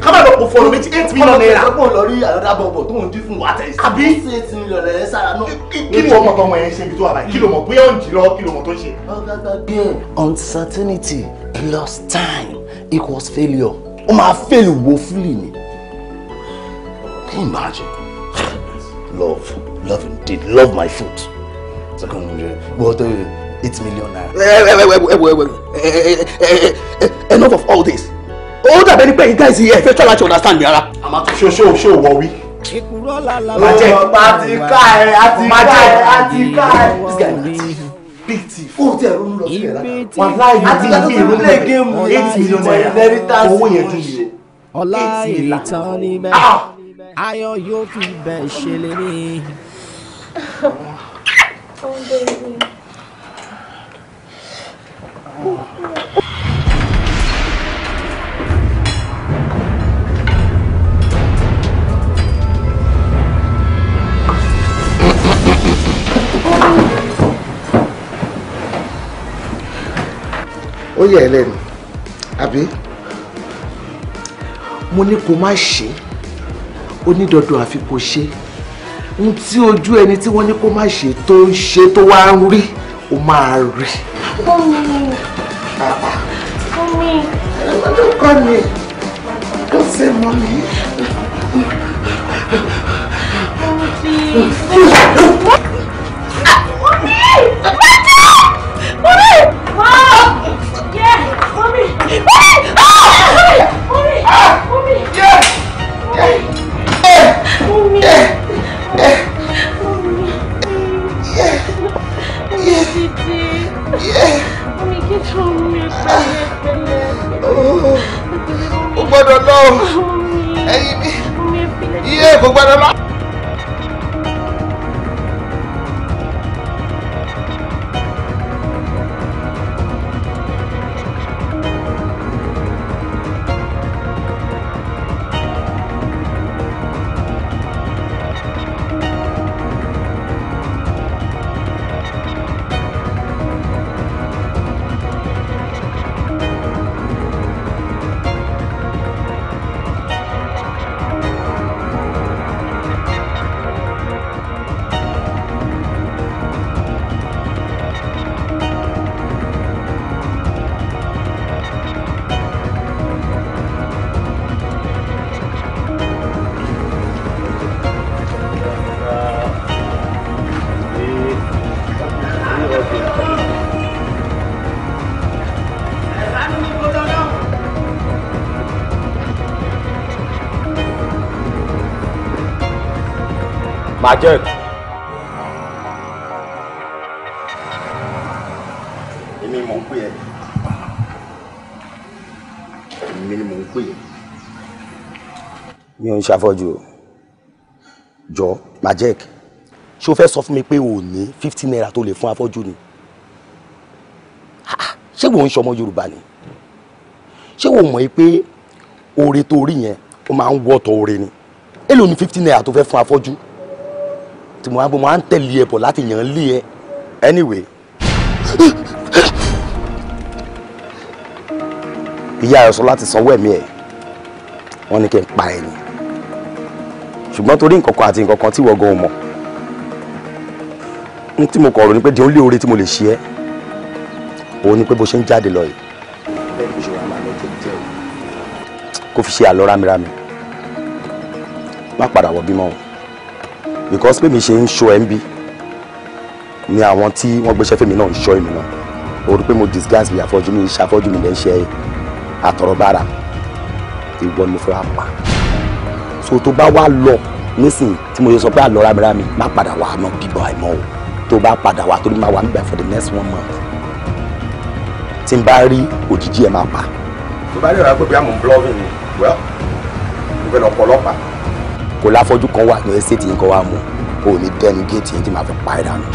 Ká má lọ pò fún ọ̀nà méjì eight million naira. Ọmọ lọ rí àyọ̀dá bọ̀bọ̀ tó ń dín fún wa tẹ̀. Àbí eight million naira sára náà. Kí ni ọmọ tọmọ yẹn ṣe ibi tó wà báyìí? Kí ló mọ̀ bóyá òǹjì lọ kí ló mọ̀ tó ṣe? Uncertainty plus time equals failure. Ó máa fail woefully ni. Can you imagine? love love indeed love my foot. second one jẹ eight million naira. enough of all this All that ní pé you guys here. fẹ́ try láti understand mi rárá. àmọ́ ṣó ṣó ṣó wọ wí. ìkúrọ̀ làlà ló wọ bá ti ká ẹ àti ká ẹ àti not ẹ bíìtì fóònù tí ẹ̀rọ ń lọ sílẹ̀ lára wọn láàyè ní ilé ìlú rẹ̀ eight million naira owó yẹn dùn mí o eight million naira ayọ̀ yóò fi bẹ̀ ṣèlérí. ó yẹ ẹ lẹ́nu àbí mo ní kó má ṣe é onídọ̀dọ̀ àfi kò ṣe ohun tí ojú ẹni tí wọ́n ní kó má ṣe tó ń ṣe tó wá ń rí ó máa rí. fúnmi fúnmi. ọdún kan ni ló ṣe mọ mi. Ah! Ah! Yeah! Yeah! Eh, eh, eh. o oh, oh. gbọ́dọ̀ lọ ẹyin mi iye kò gbọ́dọ̀ lọ. máa jẹ́ ẹ̀kọ́. èmi mò ń pè ẹ́ èmi ni mò ń pè ẹ́. mi ò ń ṣàfọ́jú o jọ majek ṣé o fẹ́ sọ fún mi pé o ní fifty naira tó lè fún afọ́jú ni ṣé wo ń ṣọmọ Yorùbá ni ṣé wo mọ̀ pé oore tó rí yẹn ó máa ń wọ́tọ̀ oore ni èló ni fifty naira tó fẹ́ fún afọ́jú tí mo wá ń tẹ̀lé ẹ bọ̀ láti yàn án lé ẹ anyway. ìyá rẹ̀ sọ láti sanwó ẹ̀mí ẹ̀ wọ́n ní kí n pa ẹ̀yìn ṣùgbọ́n torí nǹkankan àti nǹkankan tí wọ́n gan mọ̀ n tí mo kọ̀ ọ̀rọ̀ ni pé di only oore tí mo lè ṣe ẹ́ òun ni pé bó ṣe ń jáde lọ yìí bẹ́ẹ̀ kò ṣe wà máa lọ́jọ́ kó fi ṣe àlọ́ rámirámi má padà wọ bímọ because pé mi ṣe ń ṣọ́ ẹ̀ ń bí ni àwọn tí wọ́n gbéṣẹ́ fèmí náà ń ṣọ́ èmi náà o rí pé mo disguise bí àfọ́jú mi ṣe àfọ́jú mi lẹ́ ń ṣe àtọ̀rọ̀bára ìwọ ni mo fẹ́ wá pa so tó bá wá lọ nísìnyí tí mo yẹ sọ pé àlọ́ rámírá mi má padà wá náà bíbọ̀ àìmọ́ o tó bá padà wá torí máa wà nígbà for the next one month tí n bá rí òjijì ẹ̀ máa pa. tó bá rí ọ̀rá pé bí i am bluffing well ìgbẹ́lọpọ̀ ọlọ́pàá kò láfọ́jú kan wà ní ẹ́sẹ̀tì yẹn kan wà mú kò ní dẹ́nu géètì yẹn tí màá fi pa ẹ̀ dànù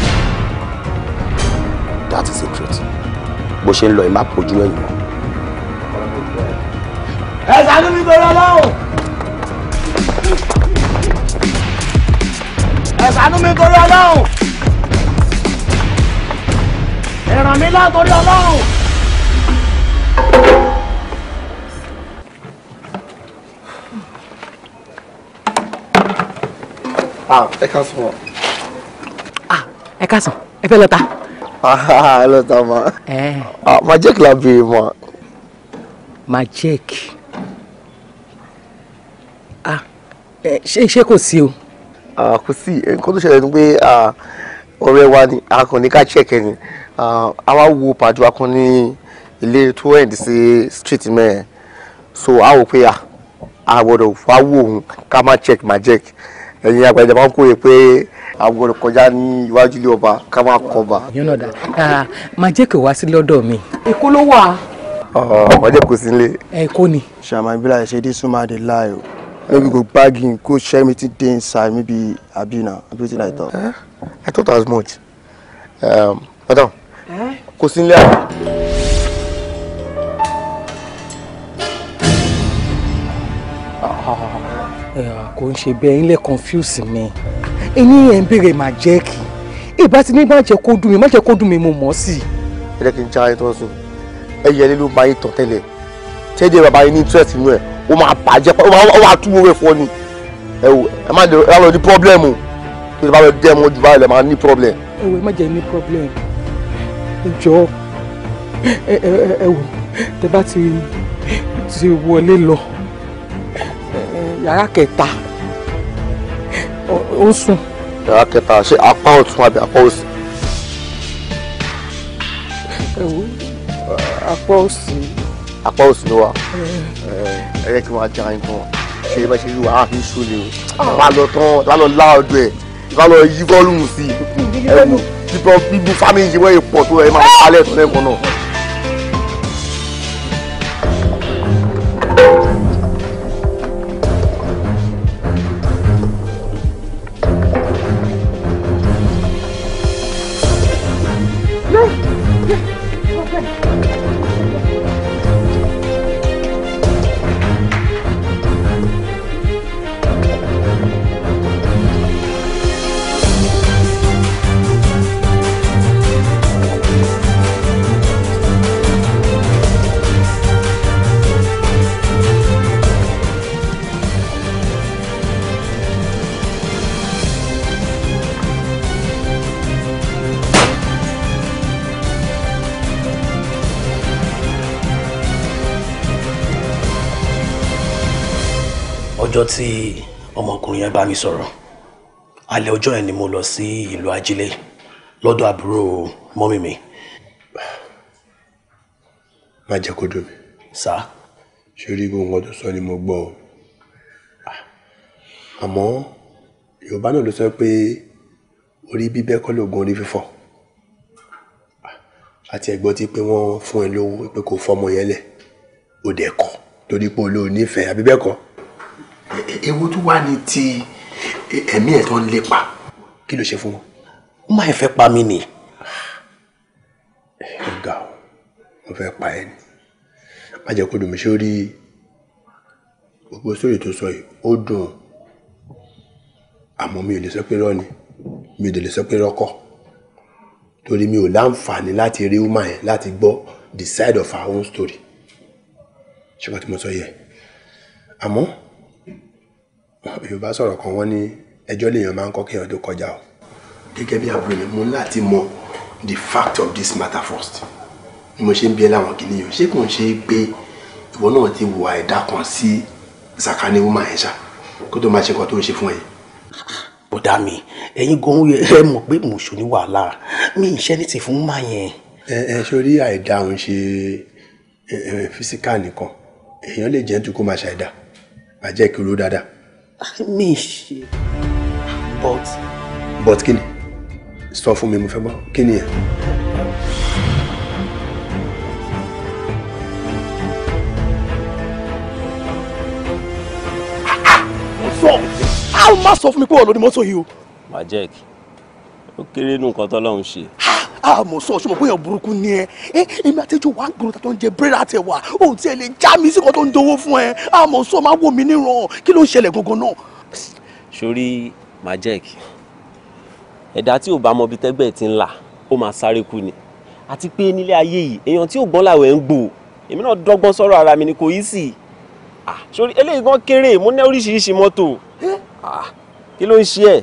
that is the truth bó ṣe ń lọ ẹ̀ má pojú ẹ̀yìn mọ́. ẹ ṣàánú mi torí ọlọ́run ẹ ṣàánú mi torí ọlọ́run ẹ ràn mí torí ọlọ́run. Ah, ẹ ká sùn. Ah, ẹ ká sùn ẹ fẹ́ lọ ta. Ah, ẹ lọ ta ma. majek la bèrè mọ. majek ṣé ṣé kò sí o. kò sí nǹkan tó ṣẹlẹ̀ ni pé ọ̀rẹ́ wa ni a kàn ká check ẹ̀ a wá wo pàdé wa kan ní ilé tó end sí street mẹ́rin so a wò pé a gbọ́dọ̀ wá wò òun ká má check majek ẹ̀yin àgbàjá máa ń kóye pé àwọn kọjá ní iwájú ilé ọba ká máa kọ ọba. yọ̀nà dà ah, máa jẹ́ kí o wá sí lọ́dọ̀ mi. èkó ló wà. ọmọ ah, jẹ́ kó sí nílé. Eh, èkó ni. ṣàmà ìbílẹ̀ ṣe dé súnmọ́ adé láì o lórí go bagging kó share me ti dey inside maybe abina everything i talk. i thought as much. Um, madam eh? kò sí nílé àná. ń ṣe bẹ́ẹ̀ ilé confuse mi ẹ̀yin ẹ̀ ń béèrè mà jẹ́ kí ìbá ti ní má jẹ́ kó dùn mí má jẹ́ kó dùn mí mo mọ̀ sí i. ẹ jẹ́ kí n já ẹ tán sùn ẹyẹ lé ló máa yín tẹ́lẹ̀ tí ẹ jẹ́ bàbá yín ní interest inú ẹ̀ ó máa bàjẹ́ ó máa túwó rẹ̀ fọ́ ni ẹ wò ẹ má lọ ní problem o tó ti bá dẹ́ mọ́ ju báyìí lẹ̀ máa ní problem. ẹ wò ẹ má jẹ́ ní problem ẹ jọ ẹ ẹ ẹ wò tẹ bá ti ti wọlé lọ yàrá kẹta ó sùn. yàrá kẹta ṣe apá ọ̀tún àbí apá òsì. ẹ̀wọ́ apá òsì. apá òsì ló wà eh. Eh, ẹ yẹ kí wọ́n á jẹ́ àyìn tán ṣe bá ṣe rí wàhálà fi ń ṣòlè o wà ah. á lọ tán wà á lọ lá ọdọ ẹ wà á lọ yí fọ́lùmù sí i ẹ̀wù bíbọn bíbu fámìlì yìí wọ́n yìí pọ̀ tó ẹ máa kálẹ̀ ah! tó lẹ́kọ̀ọ́ náà. tí ọmọkùnrin yẹn bá mi sọ̀rọ̀ alẹ́ ọjọ́ yẹn ni mo lọ sí ìlú ajílẹ̀ lọ́dọ̀ àbúrò mọ́mì mi. má jẹ́ kó dùn mí. sá. ṣé orí gbogbo nǹkan sọ ni mo gbọ́ o àmọ́ yorùbá náà ló sọ pé orí bíbẹ́ kọ́ lóògùn orí fífọ́ àti ẹ̀gbọ́n ti pé wọ́n fún ẹ lówó pé kò fọmọ yẹn lẹ̀ ó dẹ̀ kọ́ torí pé olóò nífẹ̀ẹ́ àbí bẹ́ẹ̀ ewu tó wà ní ti ẹ̀mí ẹ̀ tó ń lépa. kí ló ṣe fún wọn ó máa fẹ́ pa mí ni. ó ga ọ wọn fẹ́ pa ẹ ni má jẹ́ kó dùn mí sórí gbogbo sórí tó sọ yìí ó dùn àmọ́ mi ò lè sọ pé rọ́ ni mi ò lè sọ pé rọ́kọ̀ torí mi ò láǹfààní láti rí woman yẹn láti gbọ́ the side of our own story ṣùgbọ́n tí mo sọ yẹ àmọ́ yorùbá sọ̀rọ̀ kan wọ́n ní ẹjọ́ lèèyàn máa ń kọ́ kéèyàn tó kọjá o gẹ́gẹ́ bí àbúrò mi mo ní láti mọ the fact of this matter first ni mo ṣe ń bí ẹ láwọn kìíní yìí ṣé kò ń ṣe é pé ìwọ náà ti wà ẹ̀dá kan sí sàkání wúmà yẹn ṣá kó tó máa ṣe nǹkan tó ń ṣe fún ẹ. bùdá mi ẹ̀yin gan ẹ mọ̀ pé mo ṣò ní wàhálà mi ìṣẹ́ ní ti fún wúmà yẹn. ẹ ẹ sori àìdá òun ṣe físíkà nìkan èèyàn lè jẹ́ ń tu kó máa ṣàìdá àjẹ́ kí olú dáadáa mi ṣe but. but kí ni sọ fún mi mo fẹ́ gbọ́ kí ni yẹn. sọ a máa sọ fún mi Jack, ọ̀nà ni mọ́tò yìí o. majek ó kéré nù nǹkan àmọ́ ah, sọ ṣọmọ bóyá burúkú ni ẹ ẹ eh, èmi àtẹjọ wà gbòòrò tàtọ́ ń jẹ búrẹ́dà tẹ wà òun tí ẹ lè já mi sí kan tó ń dowó fún ẹ àmọ́ ah, sọ máa wò mí níran kí ló ń ṣẹlẹ̀ gangan náà. sori majek ẹ̀dá tí ò bá mọ ibi tẹ́gbẹ́ ti ń là ó máa sáré kú ni àti pé nílé ayé yìí èèyàn tí ò gbọ́n làwẹ̀ ń gbò èmi náà dọ́gbọ́n sọ̀rọ̀ ara mi ni kò yí sí i sori eléyìí gan kéré mo ní oríṣiríṣi mọ́tò eh? ah, kí ló ń ṣe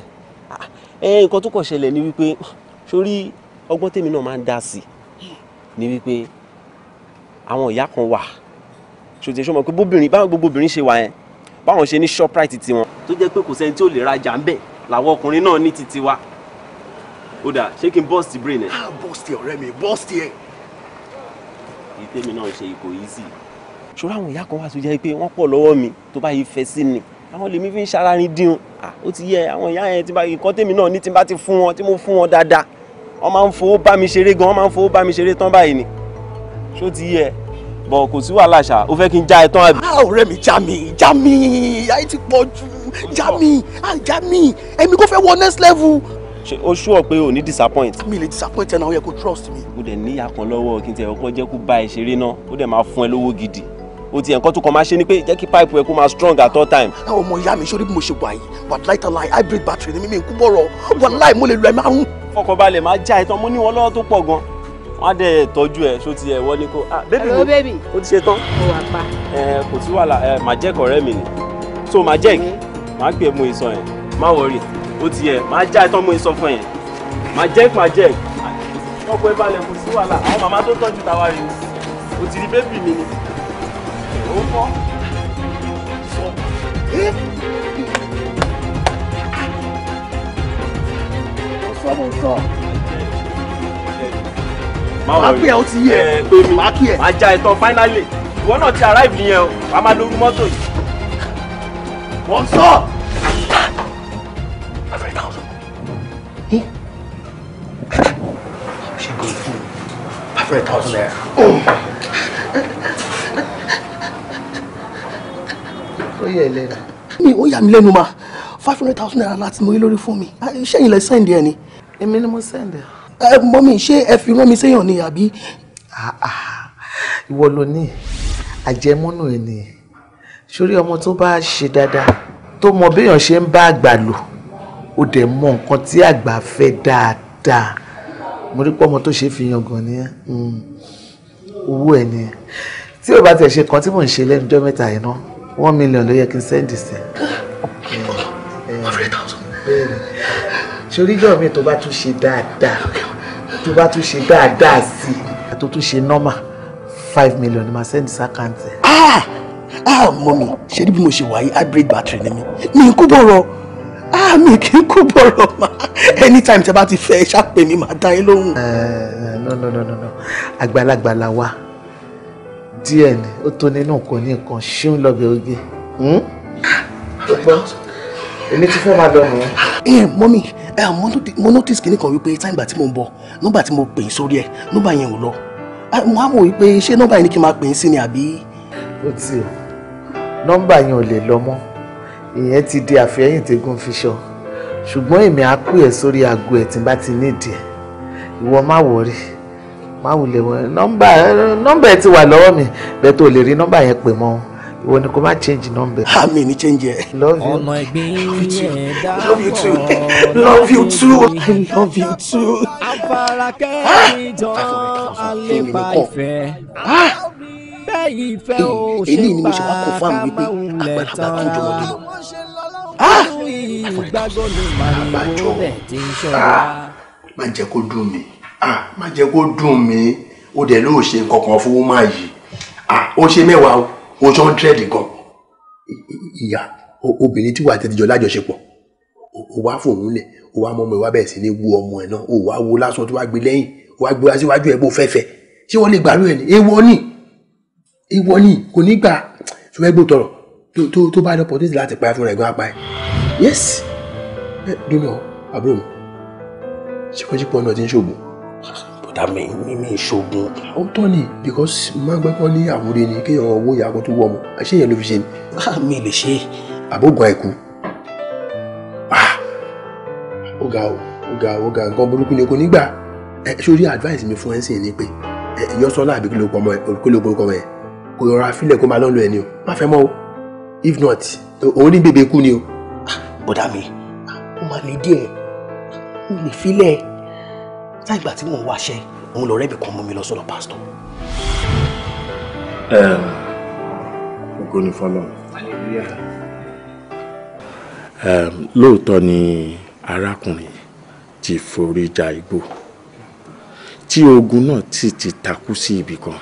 ẹ nǹkan tó kọ̀ ṣẹlẹ̀ ni wípé sori ọgbọ́n tèmi náà máa ń dá sí ni wípé àwọn ìyá kan wà ṣòtì ṣọmọ pé bóbìnrin báwọn gbogbo obìnrin ṣe wà yẹn báwọn ṣe ní shoprite tiwọn tó jẹ́ pé kò sẹ́ni tí ò lè rajà ń bẹ̀ làwọn ọkùnrin náà ní titi wa ó dà ṣé kí n bọ́ọ̀sì ti brain ẹ̀. ah bọ́ọ̀sì ti ọ̀rẹ́ mi bọ́ọ̀sì ti ẹ̀. èyí tèmi náà ṣe ìkò yìí sí. ṣòro àwọn ìyá kan wà tó jẹ́ pé wọ́n pọ̀ lọ́wọ́ mi tó bá yí fẹ́ sí ni àwọn lèmi fi ń ṣararin dín un ah, ó ti yẹ àwọn ìyá yẹn tí nǹkan tèmi náà ní tí bá ti fún wọn tí mo fún wọn dáadáa wọ́n máa ń fowó bá mi ṣeré gan wọ́n máa ń fowó bá mi ṣeré tán báyìí ni ṣó ti yẹ bọ̀ kò sí wàhálà ṣá o fẹ́ kí n já ẹ tán àbí. a ah, ọ̀rẹ́ mi já mi já mi ayé ti pọ̀ jù já mi ah, já mi èmi kò fẹ́ wọ next level. ṣe o ṣúọ̀ pé o ní disappoint. mi lè disappoint ẹ náà ó yẹ kó trust mi. o dẹ̀ níyà kan lọ́wọ́ kí n tẹ̀ ọkọ jẹ́ kó bá ẹ ṣeré náà ó dẹ̀ máa fún ẹ lówó gidi o ti ẹ̀kọ́ tó kàn máa ṣe ni pé jẹ́ kí pipe ẹ kó máa strong at all time. àwọn ọmọ ìyá mi ṣorí bí mo ṣe wà yìí wàláì tàlà hybrid battery ni mímí ń kú bọ̀rọ̀ wàláì mo lè lo ẹ̀ márùn. fọkànbalẹ̀ máa já ìtàn mo ní wọn lọ́wọ́ tó pọ̀ gan wọ́n á dẹ̀ tọ́jú ẹ̀ ṣó ti ẹ̀ wọlé kó. Ah, bébì mo ó ti ṣe tán. mo wà pa. ẹ kò sí wàhálà ẹ màá jẹ́ kọ̀rẹ́ mi ni so màá jẹ́ kí màá pè mo ìsàn yẹn má wọrí ó ti ẹ̀ màá já ìtàn mo ìsàn fún yẹn màá jẹ́ màá jẹ́ ọkọ̀ ìbalẹ̀ kò sí wàhálà àwọn màmá tó tọ́jú tàwa rèé ó ti rí bébì mi ni ìyàwó kọ́ ti yẹ ẹ pé mi máa kí finally ìwọ náà ti arrive nìyẹn o wàá máa lórí mọ́tò yìí. mo sọ. Five hundred thousand there. ó yẹ mi ò yà mí lẹ́nu ma five hundred thousand naira láti mọ lórí fún mi ah, iṣẹ́ yìí lẹ sẹ́ǹdì ẹ ni. èmi ni mo sẹ́ǹdì. ẹ eh, mọ mi ṣé ẹ fi rán mi séèyàn ni àbí. Ah, ah, ìwọ ló ní àjẹmọ́nù ẹ̀ ni sórí ọmọ tó bá ṣe dáadáa tó mọ béèyàn ṣe ń bá àgbà lò ó dẹ̀ mọ nǹkan tí àgbà fẹ́ dáadáa mo rí pọ́ ọmọ tó ṣe fi yan gan ni hmm. owó ẹ̀ ni tí ò bá tiẹ̀ ṣe kan tí mò ń ṣe lẹ́nu ọjọ́ mẹ́ta yìí náà one million ló yẹ kí n sẹ́ndì sí. ṣoríjọ́ mi tó bá tún ṣe dáadáa tó bá tún ṣe dáadáa sí i tó tún ṣe nọ́mà five million ni màá sẹ́ndì sí àkáǹtì. ah ah mọ́mi ṣe bí mo ṣe wà yìí hybrid battery ni mi mi kú bọ̀rọ̀ ah mi kì í kú bọ̀rọ̀ ma anytime tí a bá ti fẹ́ ṣàpè mi màá dá yín lóhùn. Eh, eh, no no no no àgbàlagbà la wa díẹ̀ ni ó tó nínú kò ní nǹkan ṣé ń lọ́bẹ̀ oge. Hmm? èmi ti fẹ́ máa lọ nìyẹn. Eh, mọ́mí eh, mo notice kinní kan wípé táìgbà tí mo ń bọ̀ nọ́mbà tí mo pè é sórí ẹ̀ nọ́mbà yẹn ò lọ ah, mo á mọ̀ wípé ṣé nọ́mbà yẹn ni kí n máa pè é sí ni àbí. ó ti o nọ́mbà yẹn ò lè lọ mọ́ ìyẹn ti di àfẹ́yìntégún fi ṣọ ṣùgbọ́n èmi á pè é sórí aago ẹ̀ tí n bá ti nídìí ìwọ má wọrí má wulẹ̀ wọn nọ́mbà nọ́mbà ẹ ti wà lọ́wọ́ mi bẹ́ẹ̀ tó lè rí nọ́mbà yẹn pè mọ́ ìwọ ni kò má change nọ́mbà. àmì ní change ẹ. love you ọ̀nà ìgbín yẹn love you too love you too love you too. afarakẹ́ ìjọ alẹ́bà ìfẹ́ ah! bẹ́ẹ̀ ìfẹ́ ò eh, ṣe bá àbáwulẹ̀ tán nínú ah! ìgbàgbọ́ ni màá ní ó rẹ̀ ti ń ṣọ́ra. Ah! máa jẹ́ kó dùn mí ah má jẹ́ kó dùn mí ó dẹ̀ ló ṣe nǹkan kan fún wúmá yìí ah ó ṣe mẹ́wàá o ṣe hundred gan. ìyá obìnrin tí wàá tẹ́tí jọ lájọṣepọ̀ o wá fòun lẹ̀ O wá mọ́mọ́ ìwà bẹ̀rẹ̀ sí ní wú ọmọ ẹ̀ náà ó wá wo lásán tó wá gbé lẹ́yìn ó wá gbé wá síwájú ẹ̀ bó fẹ́fẹ́ ṣé wọ́n lè gbàrú ẹ̀ ní èèwọ̀ ni èèwọ̀ ni kò ní gbà ṣùgbọ́n ẹgbẹ́ tọrọ tó tó bá dọ́pọ̀ tó ti láti pa fúnra ẹ̀ apá ẹ̀ yes ẹ eh, dúró àbúrò mi ṣé kọ́jú pọ̀ náà ti ń ṣògùn bọ̀dá mi mi ìṣògùn. ó tọ́ ni because máa gbẹ́ kọ́ ní àwúre ni kéèyàn owó ìyá kan tó wọ̀ mọ́ àṣé yẹn ló fi ṣe ni. Ah, mi lè ṣe. àbógun àìkú. Ah! ó ga o ó ga o ga nǹkan burúkú ni kò ní gbà ẹ sórí advice mi fún ẹ sìn ni pé ẹ yọsọlá àbí kí ló pọ ọmọ ẹ kí ló porúkọ ọmọ ẹ kò yọra fílẹ̀ kó máa lọ́nà ẹ ni o má fẹ́ mọ́ o if not òun ní bèbè kú ni o. Ah, bọ̀dá mi ó máa ní díẹ̀ mi lè fílẹ̀ láì gbà tí mò ń wáṣẹ́ òun lọ́rẹ́ mi kan mú mi lọ sọ́dọ̀ pásítọ̀. ògo ni fọlọ́run lóòótọ́ ni arákùnrin ti forí ja igbó tí ogun náà sì ti takú sí ibì kan.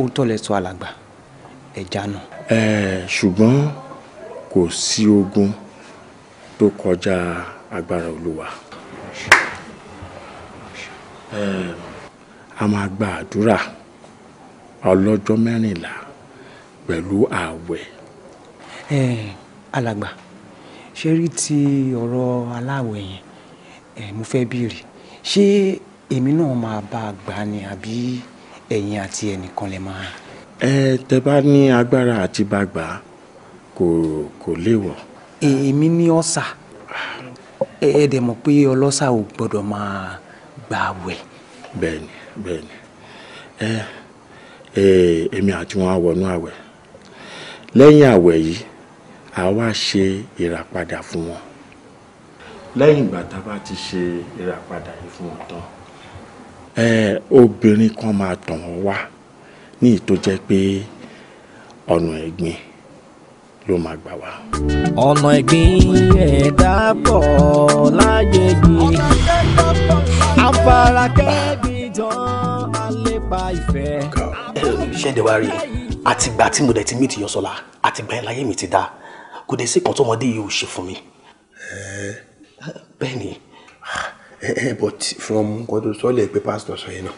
ó tọ́lẹ̀ sọ alàgbà ẹja náà. ṣùgbọ́n kò sí ogun tó kọjá agbára olúwa a máa gba àdúrà ọlọ́jọ́ mẹ́rìnlá pẹ̀lú ààwẹ̀. alàgbà ṣé rí ti ọ̀rọ̀ aláwẹ̀ yẹn mo fẹ́ béèrè ṣé èmi náà máa bá a gbà ni àbí ẹ̀yin àti ẹnìkan lè máa. ẹ tẹ bá ní agbára àti bàgbà kò kò léèwọ̀. èmi ní ọ̀sà ẹ̀ẹ́dẹ̀ mọ̀ pé ọlọ́sà ò gbọ́dọ̀ máa gbà wẹ̀. bẹ́ẹ̀ni bẹ́ẹ̀ni ẹ ẹ èmi àti wọn á wọnú àwẹ̀ lẹ́yìn àwẹ̀ yìí a wá ṣe ìràpadà fún wọn lẹ́yìn ìgbà tá a bá ti ṣe ìràpadà yìí fún wọn tán ẹ obìnrin kan máa tàn wọ́n wá ní ìtó pé ọ̀nà ẹ̀gbin ló máa gbà wá. ọ̀nà ẹ̀gbin ẹ̀dá pọ̀ láyé yìí àfarakẹ́bi jọ alépa ìfẹ́. ṣẹ́ǹdẹ̀ wá rí àtìgbà tí mo dẹ̀ ti mìtì Yọ́sọ́lá àtìgbà yẹn mi ti da. kò dé sí kan tọmọdé yìí ò ṣe fún mi. bẹ́ẹ̀ ni. but from nǹkan tó sọ lẹ́ẹ̀pẹ́ pásítọ̀ sọ yẹn náà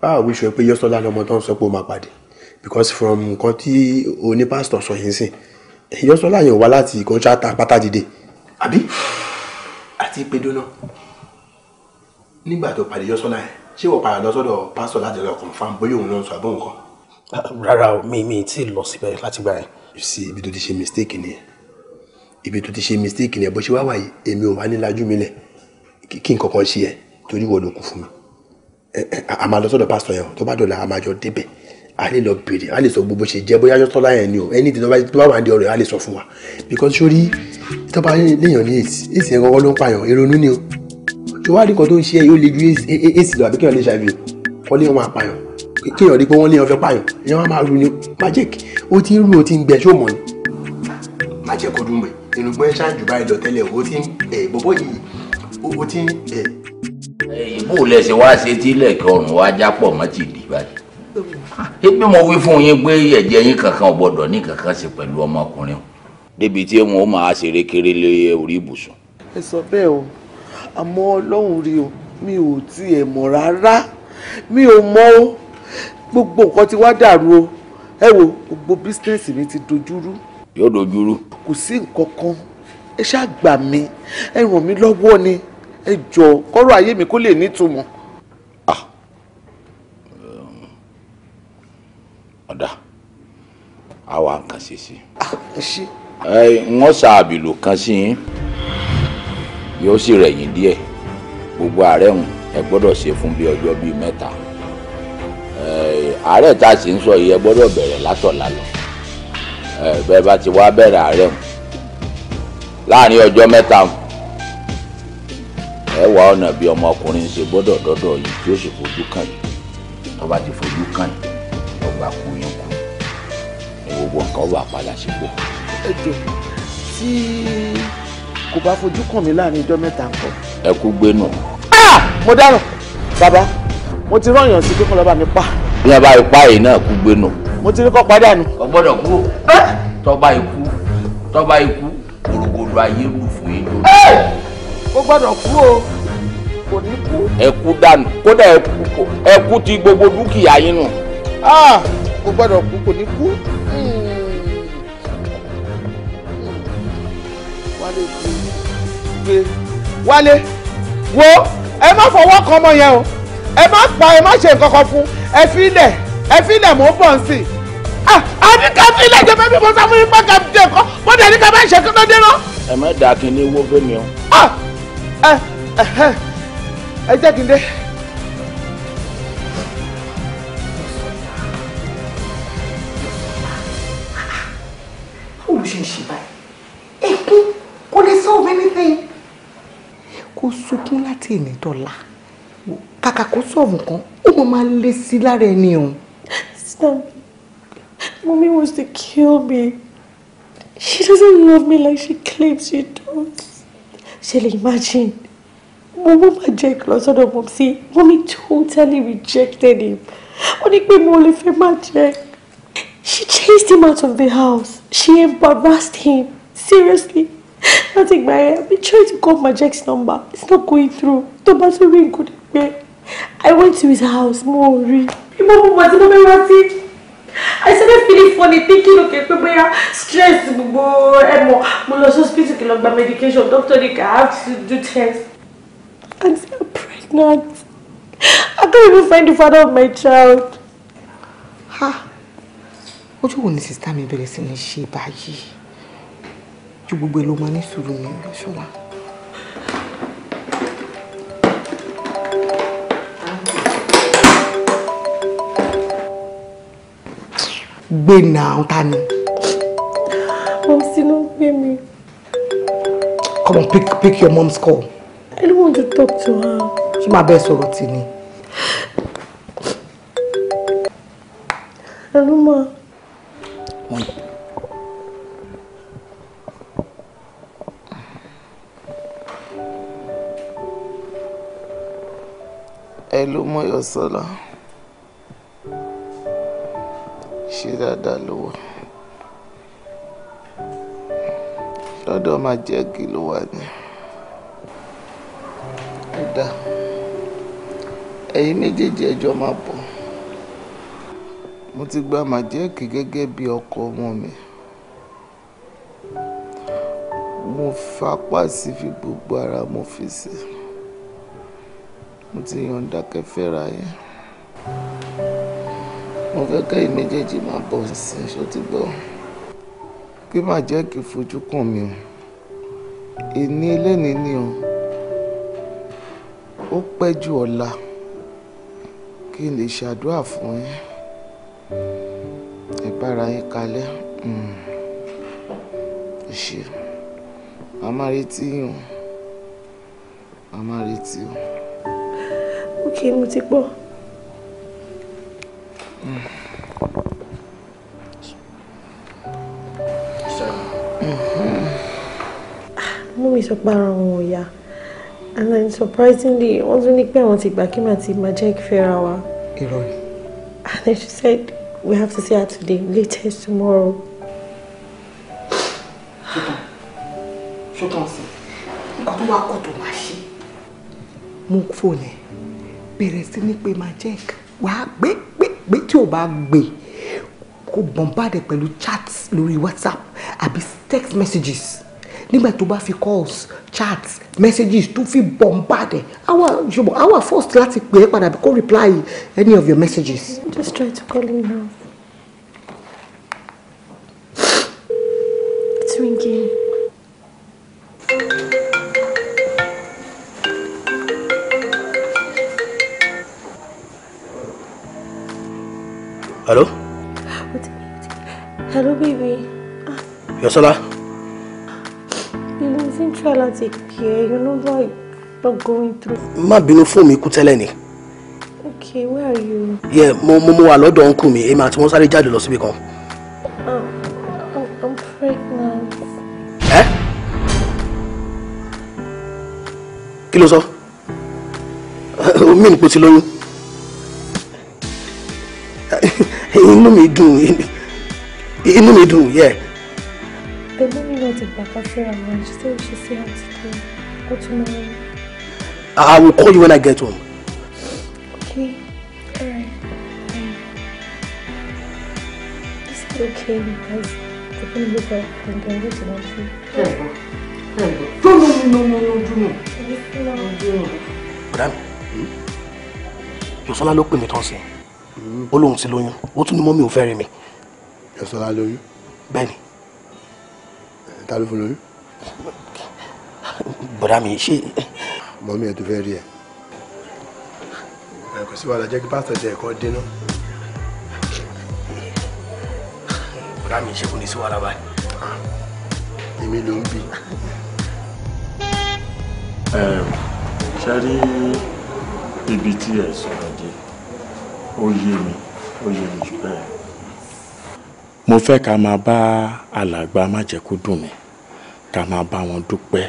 báwo wíṣọ pé Yọ́sọ́lá lọmọ tó ń sọ pé ó máa pàdé because from nǹkan tí oní pásítọ̀ sọ yẹn sìn Yọ́sọ́lá yẹn wá láti ìkànṣá ta pátá dìde àbí àti ìpèdónà nígbà tó pàdé yọ́sọ́lá yẹn ṣé wọ́n padà lọ sọ́dọ̀ pásítọ̀ láti lọ confirm bóyá òun náà sọ àbọ̀ nǹkan. rárá o mi mi ti lọ síbẹ̀ láti gbà yẹn. sí ibi tó ti ṣe mistake ni ibi tó ti ṣe mistake ni ẹ bó ṣe wá wáyé èmi ò wá ní lajú mi lẹ kí n kankan ṣe ẹ torí wọ́n ló kù fún mi. a máa yẹn tó bá dọ̀la a débẹ̀ a lè lọ bèrè a lè sọ gbogbo ṣe jẹ́ bóyá yọ́tọ́lá yẹn ni o ẹni tí tó bá wà ní ọ̀rọ̀ yẹn a lè sọ fún wa because sórí tó bá léèyàn ní èsì èsì yẹn kọ́kọ́ ló ń pààyàn ìrònú ni o tó wá rí kan tó ń ṣe yóò lè ju èsì lọ àbí kéèyàn lè ṣàbí kọ́ léèyàn máa pààyàn kéèyàn rí pé wọ́n léèyàn fẹ́ pààyàn èèyàn máa máa ru ni magic ó ti ń ru ó ti ń gbẹ ṣó mọ̀ ni magic kò dùn mọ́ irùngbọ́n ẹ̀ ṣáàjù báyìí lọ tẹ́lẹ̀ ó ti ń ẹ̀ bọ́bọ́ yìí ó ti ń ẹ̀. ìbú lẹsẹ̀ wá ṣe tí ilẹ̀kẹ̀ ọ̀run wá jápọ̀ mọ́ ti dì báyìí ebi mo wí fún yín pé ẹ̀jẹ̀ yín kankan ò gbọ́dọ̀ ní kankan ṣe pẹ̀lú ọmọkùnrin débi tí wọn ó máa ṣeré kéré lé orí ibùsùn. ẹ sọ bẹ́ẹ̀ o àmọ́ ọlọ́run rí o mi ò tiẹ̀ mọ̀ rárá mi ò mọ̀ o gbogbo nǹkan ti wá dàrú o ẹ wo gbogbo bísínẹ́sì mi ti dojúrú. yóò dojúrú. kò sí nǹkan kan ẹ ṣáà gbà mí ẹ ràn mí lọ́wọ́ ni ẹ jọ̀ọ́ kọ́rọ̀ ayé mi kó lè nítumọ̀. ọ̀dà àwa nǹkan ṣe sí. wọ́n ah, sa àbìlò kan sí yín yóò sì rẹ̀yìn díẹ̀ gbogbo ààrẹ hùn ẹ gbọ́dọ̀ ṣe fún bí ọjọ́ bíi mẹ́ta ààrẹ tá a sì ń sọ yìí ẹ gbọ́dọ̀ bẹ̀rẹ̀ látọ̀la lọ bẹ́ẹ̀ bá ti wá bẹ̀rẹ̀ ààrẹ hùn láàrin ọjọ́ mẹ́ta ẹ wá ọ̀nà bí ọmọkùnrin ṣe gbọ́dọ̀ dọ́dọ̀ yìí tí ó sì fojú kàn yìí tó bá ti fojú kàn yìí. ó wà padà sípò. ẹ jọ tí kò bá fojú kàn mí láàrin ijọ́ mẹ́ta nǹkan. ẹ kú gbé nù. Ah! mo dáràn bàbá mo ti rọyàn sí pé kó mi pa. bí wọn bá ipá yìí náà kú gbé nù. mo ti ní kó padà nù. kò gbọ́dọ̀ kú tọ́ba ikú tọ́ba ikú gbogbo ayé lù fún yín lórí. kó gbọ́dọ̀ kú o kò ní kú. ẹ kú dànù kódà ẹ kú ti gbogbo dúkìá yín nù. Ah! kó gbọ́dọ̀ kú kò ní kú. wálé wo ẹ má fọwọ́ kan ọmọ yẹn o ẹ má pa ẹ má ṣe nǹkan kan fún ẹ fi ilẹ̀ ẹ fi ilẹ̀ mò ń bọ̀ sí i ah, a ní ká fi ilẹ̀ jẹ́ bẹ́ẹ̀ bí mo sá fún yín pé ká jẹ́ nǹkan mo dẹ̀ ní ká bá ṣe kí ló dé náà. ẹ má dà kí n ní wó fún mi o. Ah, eh, eh, eh. ẹ jẹ́ kí n dé. tí ní dọ́là kàkà kó sọ̀rọ̀ kan ó mọ̀ máa lé sí lára ẹni o. Mommy wants to kill me. She doesn't love me like she claims she does. Ṣẹlẹ imagine mo mú bá jẹ́ ìkìlọ̀ sọ́dọ̀ mọ̀ sí mommy totally rejected him ó ní pé mo lè fẹ́ má jẹ́ she chased him out of the house she embarrassed him seriously. Nothing, ìgbà yẹn I've been trying to call Majek's number it's not going through tó bá ti good, nǹkan I went to his house mo ò rí ìmọ̀ mo mọ̀ tí I started feeling funny thinking okay pé bóyá stress gbogbo and more. mo lọ sí hospital kí medication doctor I have to do tests. and I'm pregnant I can't even find the father of my child. Ha! Ojú wo ni sista sister? Me sí ní ṣe báyìí? ju gbogbo ẹ ló máa ní sùúrù mi ṣọlá. gbé e náà ta ni. mom still no pay come on pick pick your mom's call. I don't want to talk to her. ṣé máa bẹ́ẹ̀ sọ̀rọ̀ tì ni. Hello, ma. Wait. Olúmọyọ̀sọ́lá ṣe dáadáa lówó lọ́dọ̀ máa jẹ́ kí ló wà ní ẹ̀dá ẹ̀yin méjèèjì ẹjọ́ máa bọ̀ mo ti gba màjẹ́ẹ̀kì gẹ́gẹ́ bí ọkọ ọmọ mi mo fapá sí fi gbogbo ara mo fi sí mo ti yọ̀ǹda kẹfẹ́ra yẹn mo fẹ́ kẹ́yìn méjèèjì máa bọ̀ sí ṣó ti gbọ́ kí má jẹ́ kí fojú kàn mí o ìní eléni ni o ó pẹ́ ju ọ̀la kí n lè ṣàdúrà fún yín ẹ bára yín kalẹ̀ hmm. ẹ ṣe màmá retí yín o màmá retí o. Okay, mo ti gbọ́. mú mm-hmm. mi sọ pé ara wọn ò yá and then surprisingly wọ́n tún ní pé àwọn ti gbà kí màá ti máa jẹ́ kí fẹ́ra wa. irọ́ ni. and then she said we have to see her today latest tomorrow. ṣùgbọ́n ṣùgbọ́n sí nǹkan tó wá kó tó máa ṣe. mú fóònù ẹ̀ bẹ̀rẹ̀ sí ní pé máa jẹ́ ìka wàá gbé gbé gbé tí ò bá gbé kò bombard pẹ̀lú chat lórí whatsapp àbí text messages nígbà tó bá fi calls chats messages tó fi bombard àwa ṣùgbọ́n àwa first láti pè é padà kó reply any of your messages. I'm just try to call him now. It's ringing. Hello? Hello, baby. Yosola? You know, I've been trying to care. You know, like, not going through. Má bínú fún mi kú tẹ́lẹ̀ ni. Okay, where are you? Yeah, mo mo mo wà lọ́dọ̀ uncle mi. Èmi àti wọn sáré jáde lọ síbi kan. Oh, oh, I'm pregnant. Eh? Kí ló sọ? Omi ni kò ti lóyún. inú mi dùn inú mi dùn yẹ. ẹgbẹ́ mi náà ti gbà kan síra wọn she say she see how to I will call you when I get home. Okay. All right. Um, is it okay because the phone book I'm going to go to No, No, no, no, no, no, do not. No, do not. Madam, hmm? Yosola ló pè mí tán sí i ó lóun ti lóyún ó tún ní mọ́mí ò fẹ́ rí mi. Ẹ̀sọ́lá lóyún. bẹ́ẹ̀ni. ta ló fún lóyún. bọ̀dá mi ṣe. mọ́mí ẹ̀ tó fẹ́ rí ẹ̀. ẹ kò sí wàhálà jẹ́ kí pásítọ̀ ṣe ẹ̀kọ́ dín náà. bọ̀dá mi ṣe kò ní sí wàhálà báyìí. èmi ló ń bí. ṣe rí ibi tí ẹ sọ̀rọ̀ ó yé mi ó yé mi jù bẹ́ẹ̀. mo fẹ́ ká máa bá alàgbà májẹ̀kúdùn mi ká máa bá wọn dúpẹ́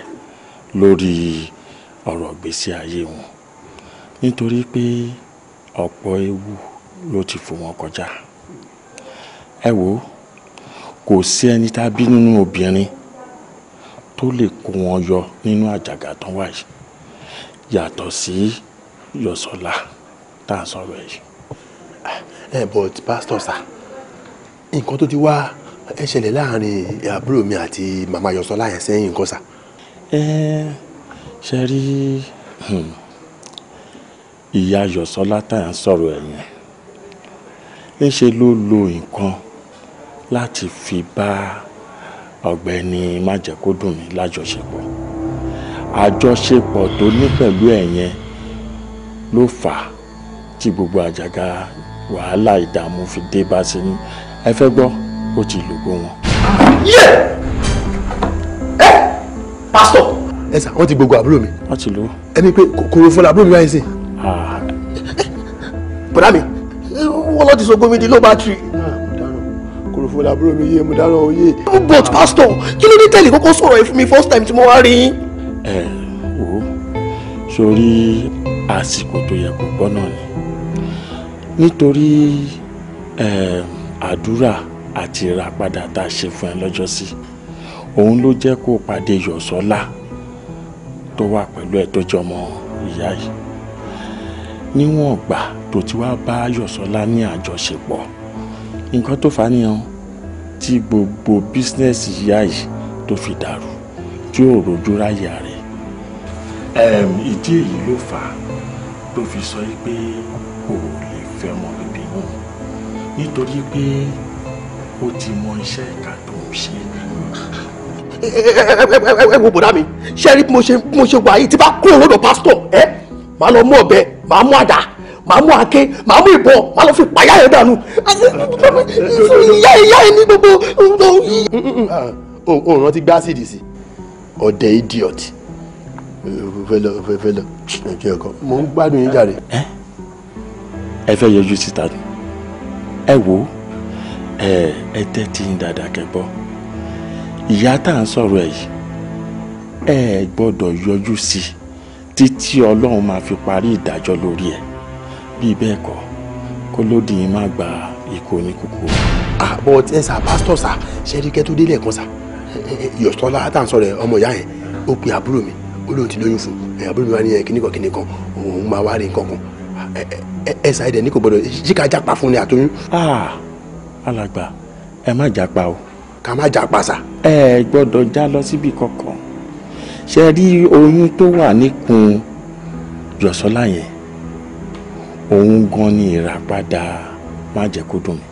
lórí ọ̀rọ̀ ìgbésí ayé wọn nítorí pé ọ̀pọ̀ ewu ló ti fò wọ́n kọjá ẹ wò kò sí ẹni tá a bí nínú obìnrin tó lè kó wọn yọ nínú àjàgà tán wáyé yàtọ̀ sí yọ̀sọ̀la tá à sọ̀rọ̀ yìí Eh, but pastor sir nǹkan tó ti wá ẹ ṣẹlẹ̀ láàrin àbúrò mi àti màmá Yọ̀sọ́lá yẹn sẹ́yìn nǹkan sà. ẹ ṣe rí hmm, ìyá Yọ̀sọ́lá tá à ń ẹ ṣe ló lo nǹkan láti fi bá ọ̀gbẹ́ni májẹ̀kódùnmí lájọṣepọ̀ àjọṣepọ̀ tó ní pẹ̀lú ẹ̀yẹn ló fà á tí gbogbo àjàgà wàhálà ìdààmú fi dé bá ṣe ní ẹ fẹ́ gbọ́ ó ti lògbó wọn. yé ẹ pásítọ̀ ẹ sà wọ́n ti gbogbo àbúrò mi. wọ́n ti lò. ẹni pé kòkòrò fọlá àbúrò mi wáyé sí. Ah. bọ̀dá mi wọ́n lọ́ọ́ ti sọ gómìnà ló bá tiri òfin làbúrò mi yé mo dáná oyè. but pastor kí ló dé tẹ̀lé kókó sọ̀rọ̀ yìí fún mi first time tí mo wá rí yín. ẹ wo sórí àsìkò tó yẹ kó gbọ́ náà ni nítorí àdúrà àti ìràpadà tá a ṣe fún ẹ lọ́jọ́sí òun ló jẹ́ kó pàdé yọ̀sọ́lá tó wà pẹ̀lú ẹ̀ tó jọmọ ìyá yìí níwọ̀n ọ̀gbà tó ti wá bá yọ̀sọ́lá ní àjọṣepọ̀ nǹkan tó fà á nìyẹn tí gbogbo bísínẹ́sì ìyá yìí tó fi dàrú tí ò rojú ráyà rẹ̀ ìdí èyí ló fà á tó fi sọ pé nítorí pé ó ti mọ iṣẹ́ ìka tó ń ṣe. ẹ wo bọ̀dá mi ṣé rí bí mo ṣe wà yìí tí bá kó lọ́dọ̀ pásítọ̀ ẹ màá lọ mú ọ̀bẹ màá mú àdá màá mú àáké màá mú ìbọn màá lọ fi pàyà ẹ̀ dànù ìyá ìyá ẹ̀ ní gbogbo. òun ah, rántí gbá sídìí sí ọ̀dẹ̀ idiot fẹlẹ fẹlẹ ẹjọ ẹkọ mo ń gbádùn yín jàre. ẹ fẹ́ yọjú síta ni ẹ wò ẹ ẹ tẹ́tí ń dáadáa kẹ́gbọ́ ìyá tá à ń sọ̀rọ̀ ẹ̀ yìí ẹ gbọ́dọ̀ yọjú sí i títí ọlọ́run máa fi parí ìdájọ́ lórí ẹ̀ bíi bẹ́ẹ̀ kọ́ kó lódì yín má gba ikú oníkùkù. ah but ẹ sà pásítọ̀ sà ṣẹ́rí kẹ́tó délẹ̀ kan sà yọ̀sọ́lá tá à ń sọ̀rọ̀ ẹ̀ ọmọ ìyá yẹn ó pe àbúrò mi ó lóun ti lóyún fún àbúrò mi wá ní kíníkan kíníkan òun máa wá rí nǹkan kan ẹsà ẹdẹ ní kò gbọdọ̀ ṣí ká jápa fún ni àtọyún. Ah, alàgbà ẹ má jápa o. ká má jápa sà. ẹ gbọ́dọ̀ já lọ síbi kankan ṣe rí oyún tó wà níkùn jọ̀sọ́lá yẹn òun gan ni ìràpadà má jẹ́ kó dùn mí.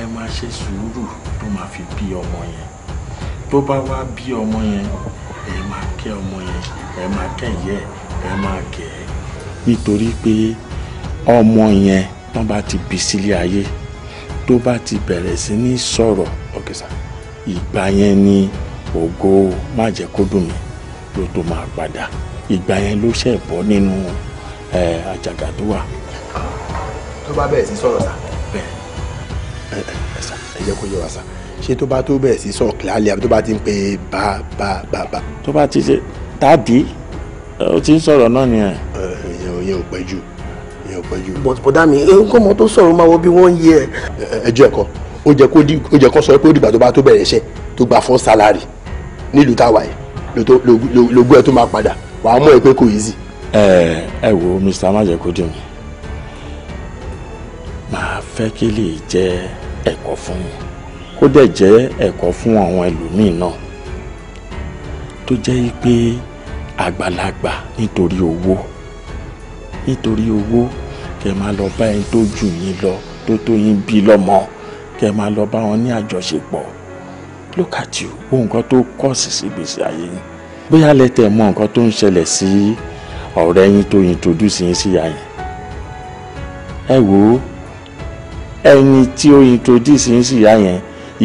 ẹ máa ṣe sùúrù tó máa fi bí ọmọ yẹn tó bá wá bí ọmọ yẹn ẹ máa kẹ́ ọmọ yẹn ẹ máa kẹ́ ìyẹ́ ẹ máa kẹ́ ẹ nítorí pé ọmọ yẹn tán bá ti bí sílé ayé tó bá ti bẹ̀rẹ̀ sí ní sọ̀rọ̀ ọ̀gẹ̀sà ìgbà yẹn ni ògo má jẹ́ kó dùn mí ló tó máa padà ìgbà yẹn ló ṣẹ̀ bọ́ nínú àjàgà tó wà. tó bá bẹ̀rẹ̀ sí sọ̀rọ̀ sá bẹ́ẹ̀ ẹ jẹ́ kó yẹ wá sá ṣé tó bá tó bẹ̀rẹ̀ sí sọ̀rọ̀ kílálẹ̀ àbí tó bá ti ń pe bá bá bá bá. tó bá ti ṣe dáàdì o ti ń sọ̀rọ̀ náà nìyẹn. ìyẹn ò yẹn ò pẹ́ jù ìyẹn ò pẹ́ jù. bọ̀dá mi nǹkan mọ́ tó sọ̀rọ̀ máa wọ bí wọ́n ń yẹ. ẹjọ́ ẹ̀kọ́ ó jẹ́ kó ó jẹ́ kó sọ pé ó dìgbà tó bá tó bẹ̀rẹ̀ iṣẹ́ tó gba fún sálárì nílùú táwa yìí lógún ẹ tó máa padà wàá mọ̀ ẹ pé kò easy. ẹ ẹ wo mr májèkúdì mi máa fẹ́ kí lè jẹ́ ẹ̀kọ́ fún mi kó dẹ̀ jẹ́ ẹ̀kọ́ fún àwọn ẹlòmíì náà tó jẹ́ pé àgbàlagbà nítorí owó nítorí owó kẹ́ máa lọ bá ẹni tó jù yín lọ tó tó yín bí lọ́mọ kẹ́ máa lọ bá wọn ní àjọṣepọ̀ look at you wo nǹkan tó kọ́ọ̀sì sí gbèsè ayé yín bóyá lẹ́tẹ̀ mọ nǹkan tó ń ṣẹlẹ̀ sí ọ̀rẹ́ yín tó introduce yín síyá yín ẹ wò ó ẹni tí ó introduce yín síyá yẹn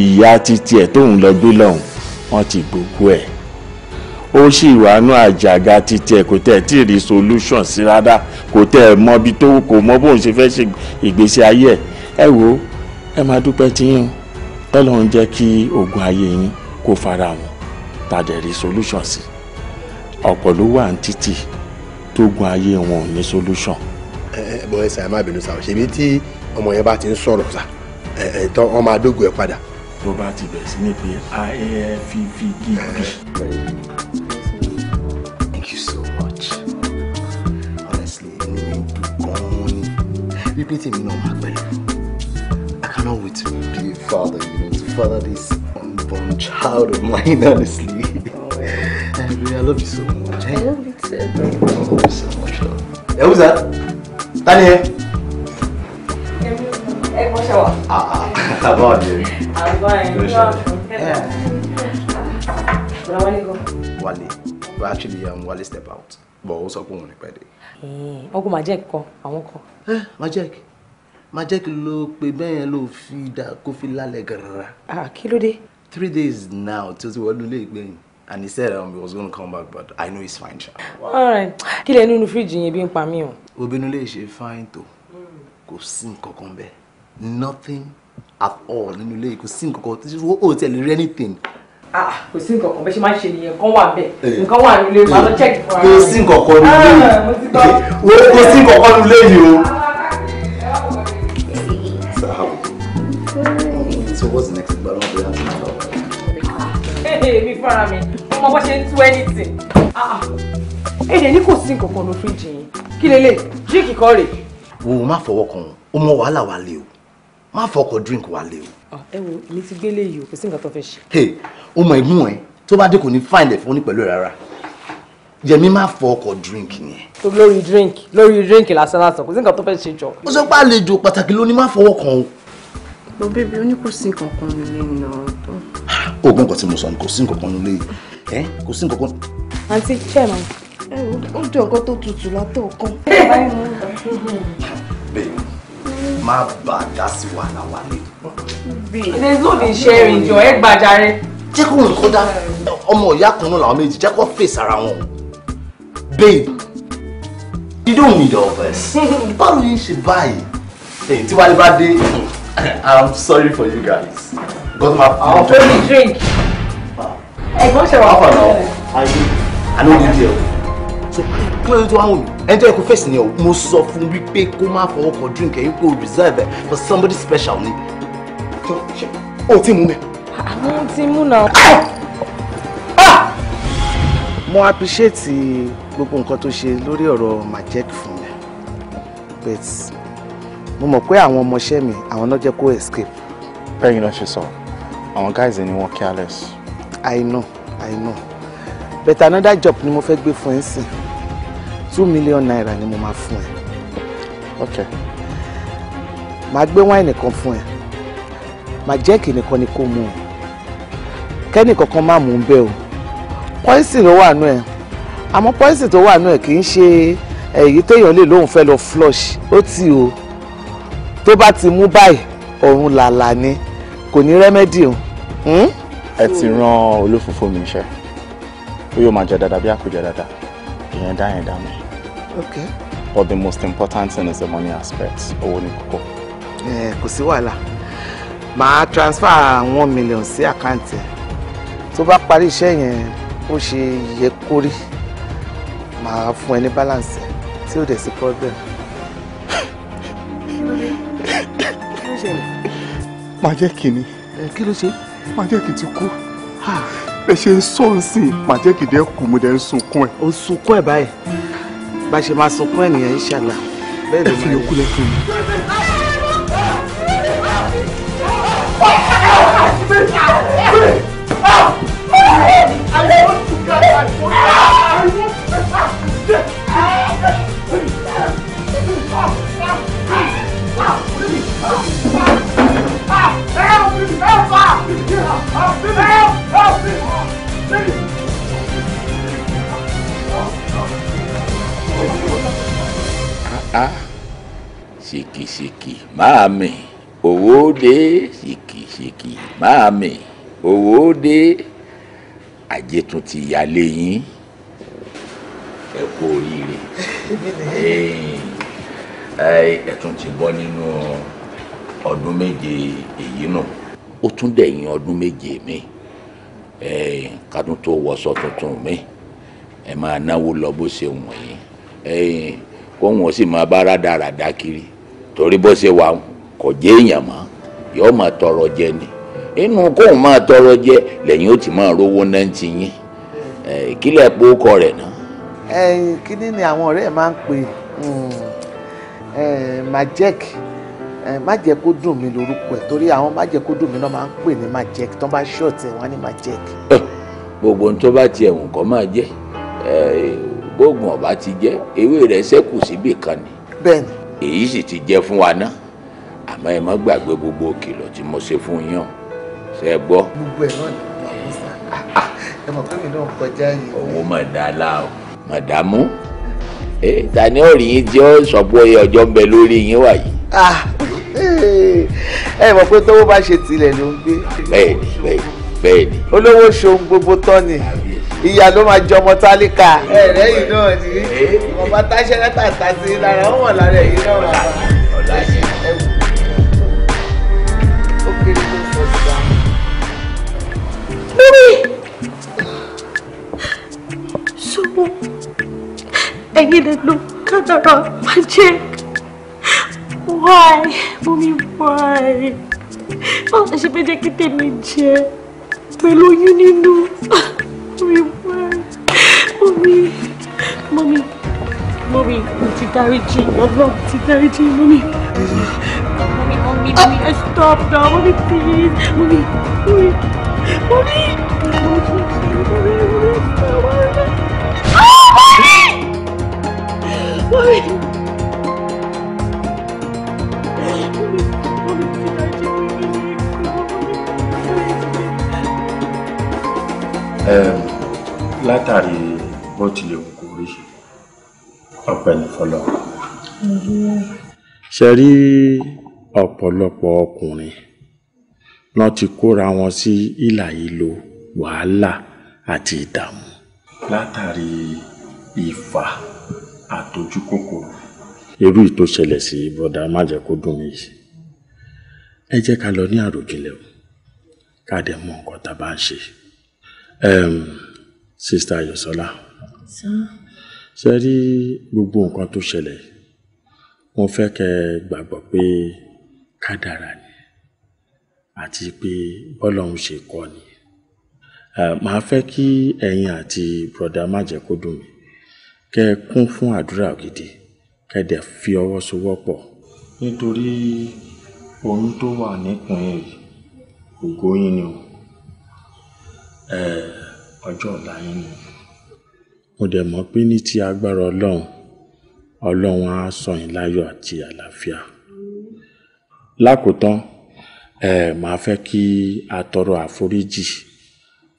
ìyá titi ẹ̀ tóun lọ gbé lọ́hùn wọ́n ti gbogbo ẹ̀ ó sì wánú àjàgà títí ẹ kò tẹ ẹ tí ì rí solution sí rárá kò tẹ ẹ mọ ibi tó kò mọ bóun ṣe fẹ́ ṣe ìgbésí ayé ẹ ẹ wo ẹ máa dúpẹ́ tíyín tọ́lọ́run jẹ́ kí ogun ayé yín kó fara hàn tàdé rí solution sí ọ̀pọ̀ ló wà ní títì tógun ayé wọn ò ní solution. ẹ ẹ bọ ẹ sàyà má bínú sàwọn ṣèbí tí ọmọ yẹn bá ti ń sọ̀rọ̀ sà ẹ ẹ tán ọmọ adógo ẹ padà. tó bá ti bẹ̀rẹ̀ sí ní pé aẹ́ẹ́ e, fífi gígì. wípé tèmi náà wà pẹ̀lú I cannot wait to be a father you know to father this unborn child of mine honestly oh, I love you so much. I love you too. I love you so much. Ẹ who's that? Ta ni ẹ? Ẹ kọ́ ṣe wà. Àbá ọ̀dẹ̀. Àbá ẹ̀ ń lọ àkùnkẹ́. Wale. Well, actually, um, Wale step out bọ̀ ó sọ pé òun ní pẹ́ hmm, ọgùn majek kan àwọn kan. majek majek ló pe bẹ́ẹ̀ ló fi dà kó fi lálẹ́ gàràrà. kí ló dé. three days now tí o ti wọlé ilé ìgbẹ́yìn and he said um, he was going to come back but I know he's fine. Wow. alright kí lẹ nínú fíríjì yẹn bí ń pa mí o. obìnrin lè ṣe fine tó kò sí nǹkan kan bẹ́ẹ̀ nothing at all nínú ilé kò sí nǹkan kan ó tiẹ̀ lè rí anything Ah, kò sí nǹkan kan bẹ́ẹ̀ ṣe máa ń ṣe nìyẹn nǹkan wà bẹ́ẹ̀ eh, nǹkan wà nílé máa lọ check fún ara kò sí nǹkan kan nílé yìí ah, kò sí nǹkan kan nílé yìí o. So what's next? But I don't have to Mi fara mi, ọmọ bó ṣe ń tú anything. Èdè ah, ní kò sí nǹkan kan ní fíríjì yìí. Kí lélẹ̀? Jíìkì kan rè. Wo má fọwọ́ kan o, ó mọ wàhálà wa lé o, má fọkọ̀ drink wa lé o. Ah, ẹ wo èmi ti gbélé yìí o kò sí nǹkan tó fẹ́ ṣe. ó mọ ìmú ẹ tó bá dé kò ní fáìlẹ̀ fún ní pẹ̀lú ẹ rárá yẹmi máa fọ ọkọ drink yẹn. lórí drink lórí drink lásán lásán kò sí nǹkan tó fẹ́ ṣe jọ. ó sọ pé àlejò pàtàkì ló ní má fọwọ́ kàn o. lọ bébí ó ní kò sí nǹkan kan nílé náà. Ah, oògùn nǹkan tí mo sọ ni kò sí nǹkan kan nílé ẹ kò sí nǹkan kan. àǹtí chairman ẹ wo jẹ nǹkan tó tutù látọ̀ kan. bẹ́ẹ̀ máa bàa dá sí wàhálà wálé there's no be sharing jọ ẹ gbàjáre. jẹ́ kó nǹkan dá ọmọ ìyá kan náà làwọn méjì jẹ́ kó fèsì ara wọn babe you don't need all this báwo ni ṣe báyìí ẹ̀yìn tí wàá bá dé i'm sorry for you guys god ma fi ọjọ́ mi. drink ẹ̀gbọ́n ṣe wà fún mi. i no dey there so kí ló dé tó wá wù mí ẹni tó yẹ kó fèsì ni o mo sọ fún wípé kó má fọwọ́ kọ drink ẹ̀yìn kó reserve for somebody special ni jọ ṣe o ti mú mi. àmọ́ ti mú náà. Ah! mo appreciate gbogbo nǹkan tó ṣe lórí ọ̀rọ̀ majek fún mi but mo mọ̀ pé àwọn ọmọọṣẹ́ mi àwọn náà jẹ́ kó escape. bẹ́ẹ̀ ni ló ṣe sọ àwọn guys ni wọ́n careless. i know i know but another job ni mo fẹ́ gbé fún ẹ sìn two million naira ni mo máa fún ẹ. ok. màá gbé wáìnì kan fún ẹ màjẹ́ẹ̀kì nìkan ni kò mú o kẹ́nì kankan má mú un bẹ́ẹ̀ o pọ́ìsì ló wà nú ẹ̀ àmọ́ pọ́ìsì tó wà nú ẹ̀ kì í ṣe èyí téèyàn lè lóun fẹ́ lọ flush ó ti o tó bá ti mú báyìí ọ̀run làlà ni kò ní rẹ́mẹ́dì o. Hmm? ẹ ti rán olófòfò mi iṣẹ́ ó yóò máa jẹ dáadáa bí àkójọ dáadáa ìyẹn dá yẹn dá mi. okay. but the most important thing is the money aspect owó ní kókó. ẹ kò sí wàhálà màá transfer one million sí àkáǹtì ẹ̀ tó bá parí iṣẹ́ yẹn ó ṣe yẹ kó rí fún ẹ ní balance ẹ̀ tí ó dẹ̀ sí problem. màá jẹ́ kínní. kí ló ṣe. màá jẹ́ kí n ti kú bẹ ṣe ń sọ ń sìn màá jẹ́ kí n dẹ́ kù mo dẹ́ ń sunkún ẹ̀. o sunkún ẹ̀ báyìí bá ṣe máa sunkún ẹ̀ nìyẹn ń ṣàlà bẹ́ẹ̀ ló máa yẹ. ẹ fi yòókù lẹ́fún mi. Ah, ah. ṣèkìṣèkì máa mì owó dé ṣèkì àṣekì máàmì owó dé àjẹtún ti yálé yín ẹ kú oríire ẹ tún ti bọ́ nínú ọdún méje èyí náà ó tún dẹ̀yìn ọdún méje mi ká tún tó wọṣọ tuntun mi ẹ máa náwó lọ bó ṣe wọ̀nyí kóhun ó sì máa bá rádaràda kiri torí bó ṣe wà kò jẹ́ èèyàn mọ́. yóò máa tọrọ jẹ ni inú kóun máa tọrọ jẹ lẹ́yìn ó ti máa rówó náà ti yín ìkílẹ̀ pé ó kọ rẹ̀ náà. kíní ni àwọn ọ̀rẹ́ ẹ̀ máa ń pè hmm. majek májẹ̀ kó dùn mí lórúkọ ẹ̀ torí àwọn májẹ̀ kó dùn mí náà máa ń pè ní majek tó bá ṣọ̀tì wọn ní majek. gbogbo ohun tó bá tiẹ̀ wù kọ́ máa jẹ́ gbogbo ọ̀bá ti jẹ́ ewé rẹ̀ ṣẹ́kù síbì kan ni èyí sì ti jẹ́ fún wa náà. àmọ́ ẹ má gbàgbé gbogbo òkìlọ̀ tí mo ṣe fún yín ṣe é gbọ́. gbogbo ẹ̀ náà ni mo mú sá ah, ah. ẹ mọ̀ pé mi náà kọjá yìí. òun mọ̀ dáadáa o màdàmú ta ni ó rí yín tí ó sọ ọjọ́ ń bẹ lórí yín wà ah, eh, ẹ mọ̀ pé tówó bá ṣe tilẹ̀ ló ń gbé. bẹ́ẹ̀ni bẹ́ẹ̀ni bẹ́ẹ̀ni. olówó ṣohun gbogbo tán ni ìyá ló máa jọmọ tálíkà. ẹ̀rẹ́ yìí náà ni ọba táṣẹ́ látàtà so ẹ̀yin lè lo kádàrá magic why mummy why báwo ṣe fẹ́ jẹ́ kí tèmi jẹ pẹ̀lú oyún nínú mummy why mummy mummy mummy mo ti dáríjì ọlọ́run ti dáríjì mummy. Mommy, mommy, mommy, ah! stop now, mommy, please, mommy, mommy látàrí bó tilẹ̀ kò rí ọpẹ́ ní fọlọ́. ṣe rí ọ̀pọ̀lọpọ̀ ọkùnrin lọ́n ti kóra wọn sí ìlà ìlò wàhálà àti ìdààmú. látàrí ìfà àtọjú kòkòrò. irú ìtò ṣẹlẹ̀ sí bọ̀dà má jẹ́ kó dùn mí yìí. ẹ jẹ́ ká lọ ní àròjinlẹ̀ o ká dẹ̀ mọ nǹkan tá a bá ń ṣe. sista Ayọ̀sọ́lá ṣe rí gbogbo nǹkan tó ṣẹlẹ̀ mo fẹ́ kẹ́ gbàgbọ́ pé kádàrá ni àti pé bọ́lọ́hún ṣe kọ́ ni màá fẹ́ kí ẹ̀yin àti broda májẹ̀kódùn mi kẹ́ ẹ kún fún àdúrà gidi kẹ́ ẹ dẹ̀ fi ọwọ́ sowọ́pọ̀ nítorí oyún tó wà nípìn yìí ògo yín ni o ọjọ́ ọ̀la yín ni mo dẹ̀ mọ̀ pé ní ti agbára ọlọ́run ọlọ́run á sọ yín láyọ̀ àti àlàáfíà lákòótán um màá fẹ́ kí a tọrọ àforíjì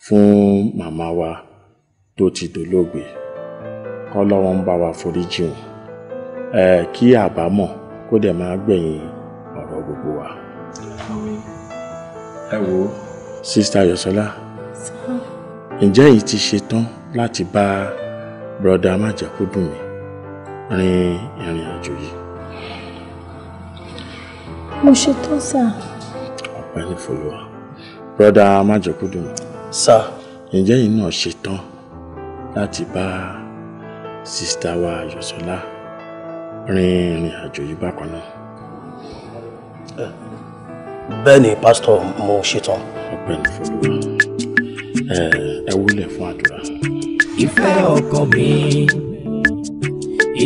fún màmá wa tó ti dolóògbé kọ́lọ́run ń bá wa foríjì wọn um kí àbámọ̀ kó dẹ̀ máa gbẹ̀yìn ọ̀rọ̀ gbogbo wa. ẹ wo sista Yọ̀sọ́lá ǹjẹ́ èyí ti ṣetán láti bá broda májẹ̀kúdùn mi rin ìrìn àjò yìí. mo ṣetán sáà ọpẹ́ ní folúwa broda májọkúdùn sá ǹjẹ́ yìí náà ṣetán láti bá sista wa yọ̀sọ́lá rin ìrìn àjò yìí bákan náà. bẹ́ẹ̀ pásítọ̀ mo ṣetán. ọpẹ́ ní folúwa ẹ wúlẹ̀ fún àdúrà. ìfẹ́ ọkàn mi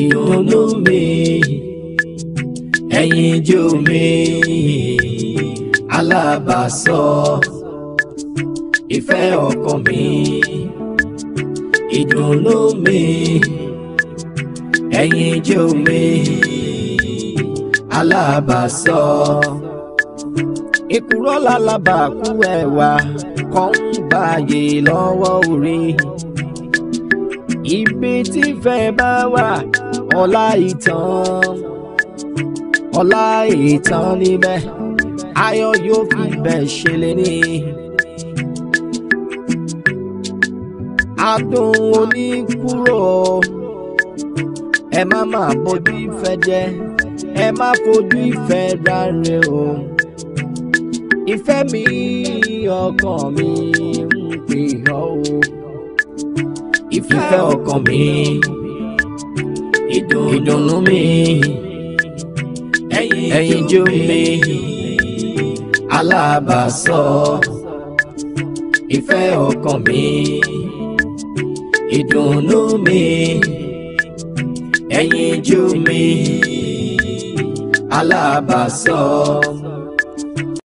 ìyọ́nú mi ẹ̀yìn ijó mi alábàásọ ìfẹ́ ọkàn mi ìdùnnú mi ẹ̀yin jẹ́ omi alábàásọ ìkúrọ́ lálábà kú ẹ̀wà kan ń bàyè lọ́wọ́ orí ibi tí fẹ́ bá wà ọlá ìtàn ọlá ìtàn níbẹ̀ ayọ̀ yóò fi bẹ́ẹ̀ ṣe lé ní. adùn oníkúrò ẹ má máa bójú ìfẹ́ jẹ ẹ má fojú ìfẹ́ ráre o ìfẹ́ mi ọkàn mi ń pè ọ́ o ìfẹ́ ọkàn mi ìdùnnú mi ẹ̀yìn jó mi alábàásọ ìfẹ́ ọkàn mi ìdùnnú mi ẹ̀yinjú mi alábàásọ.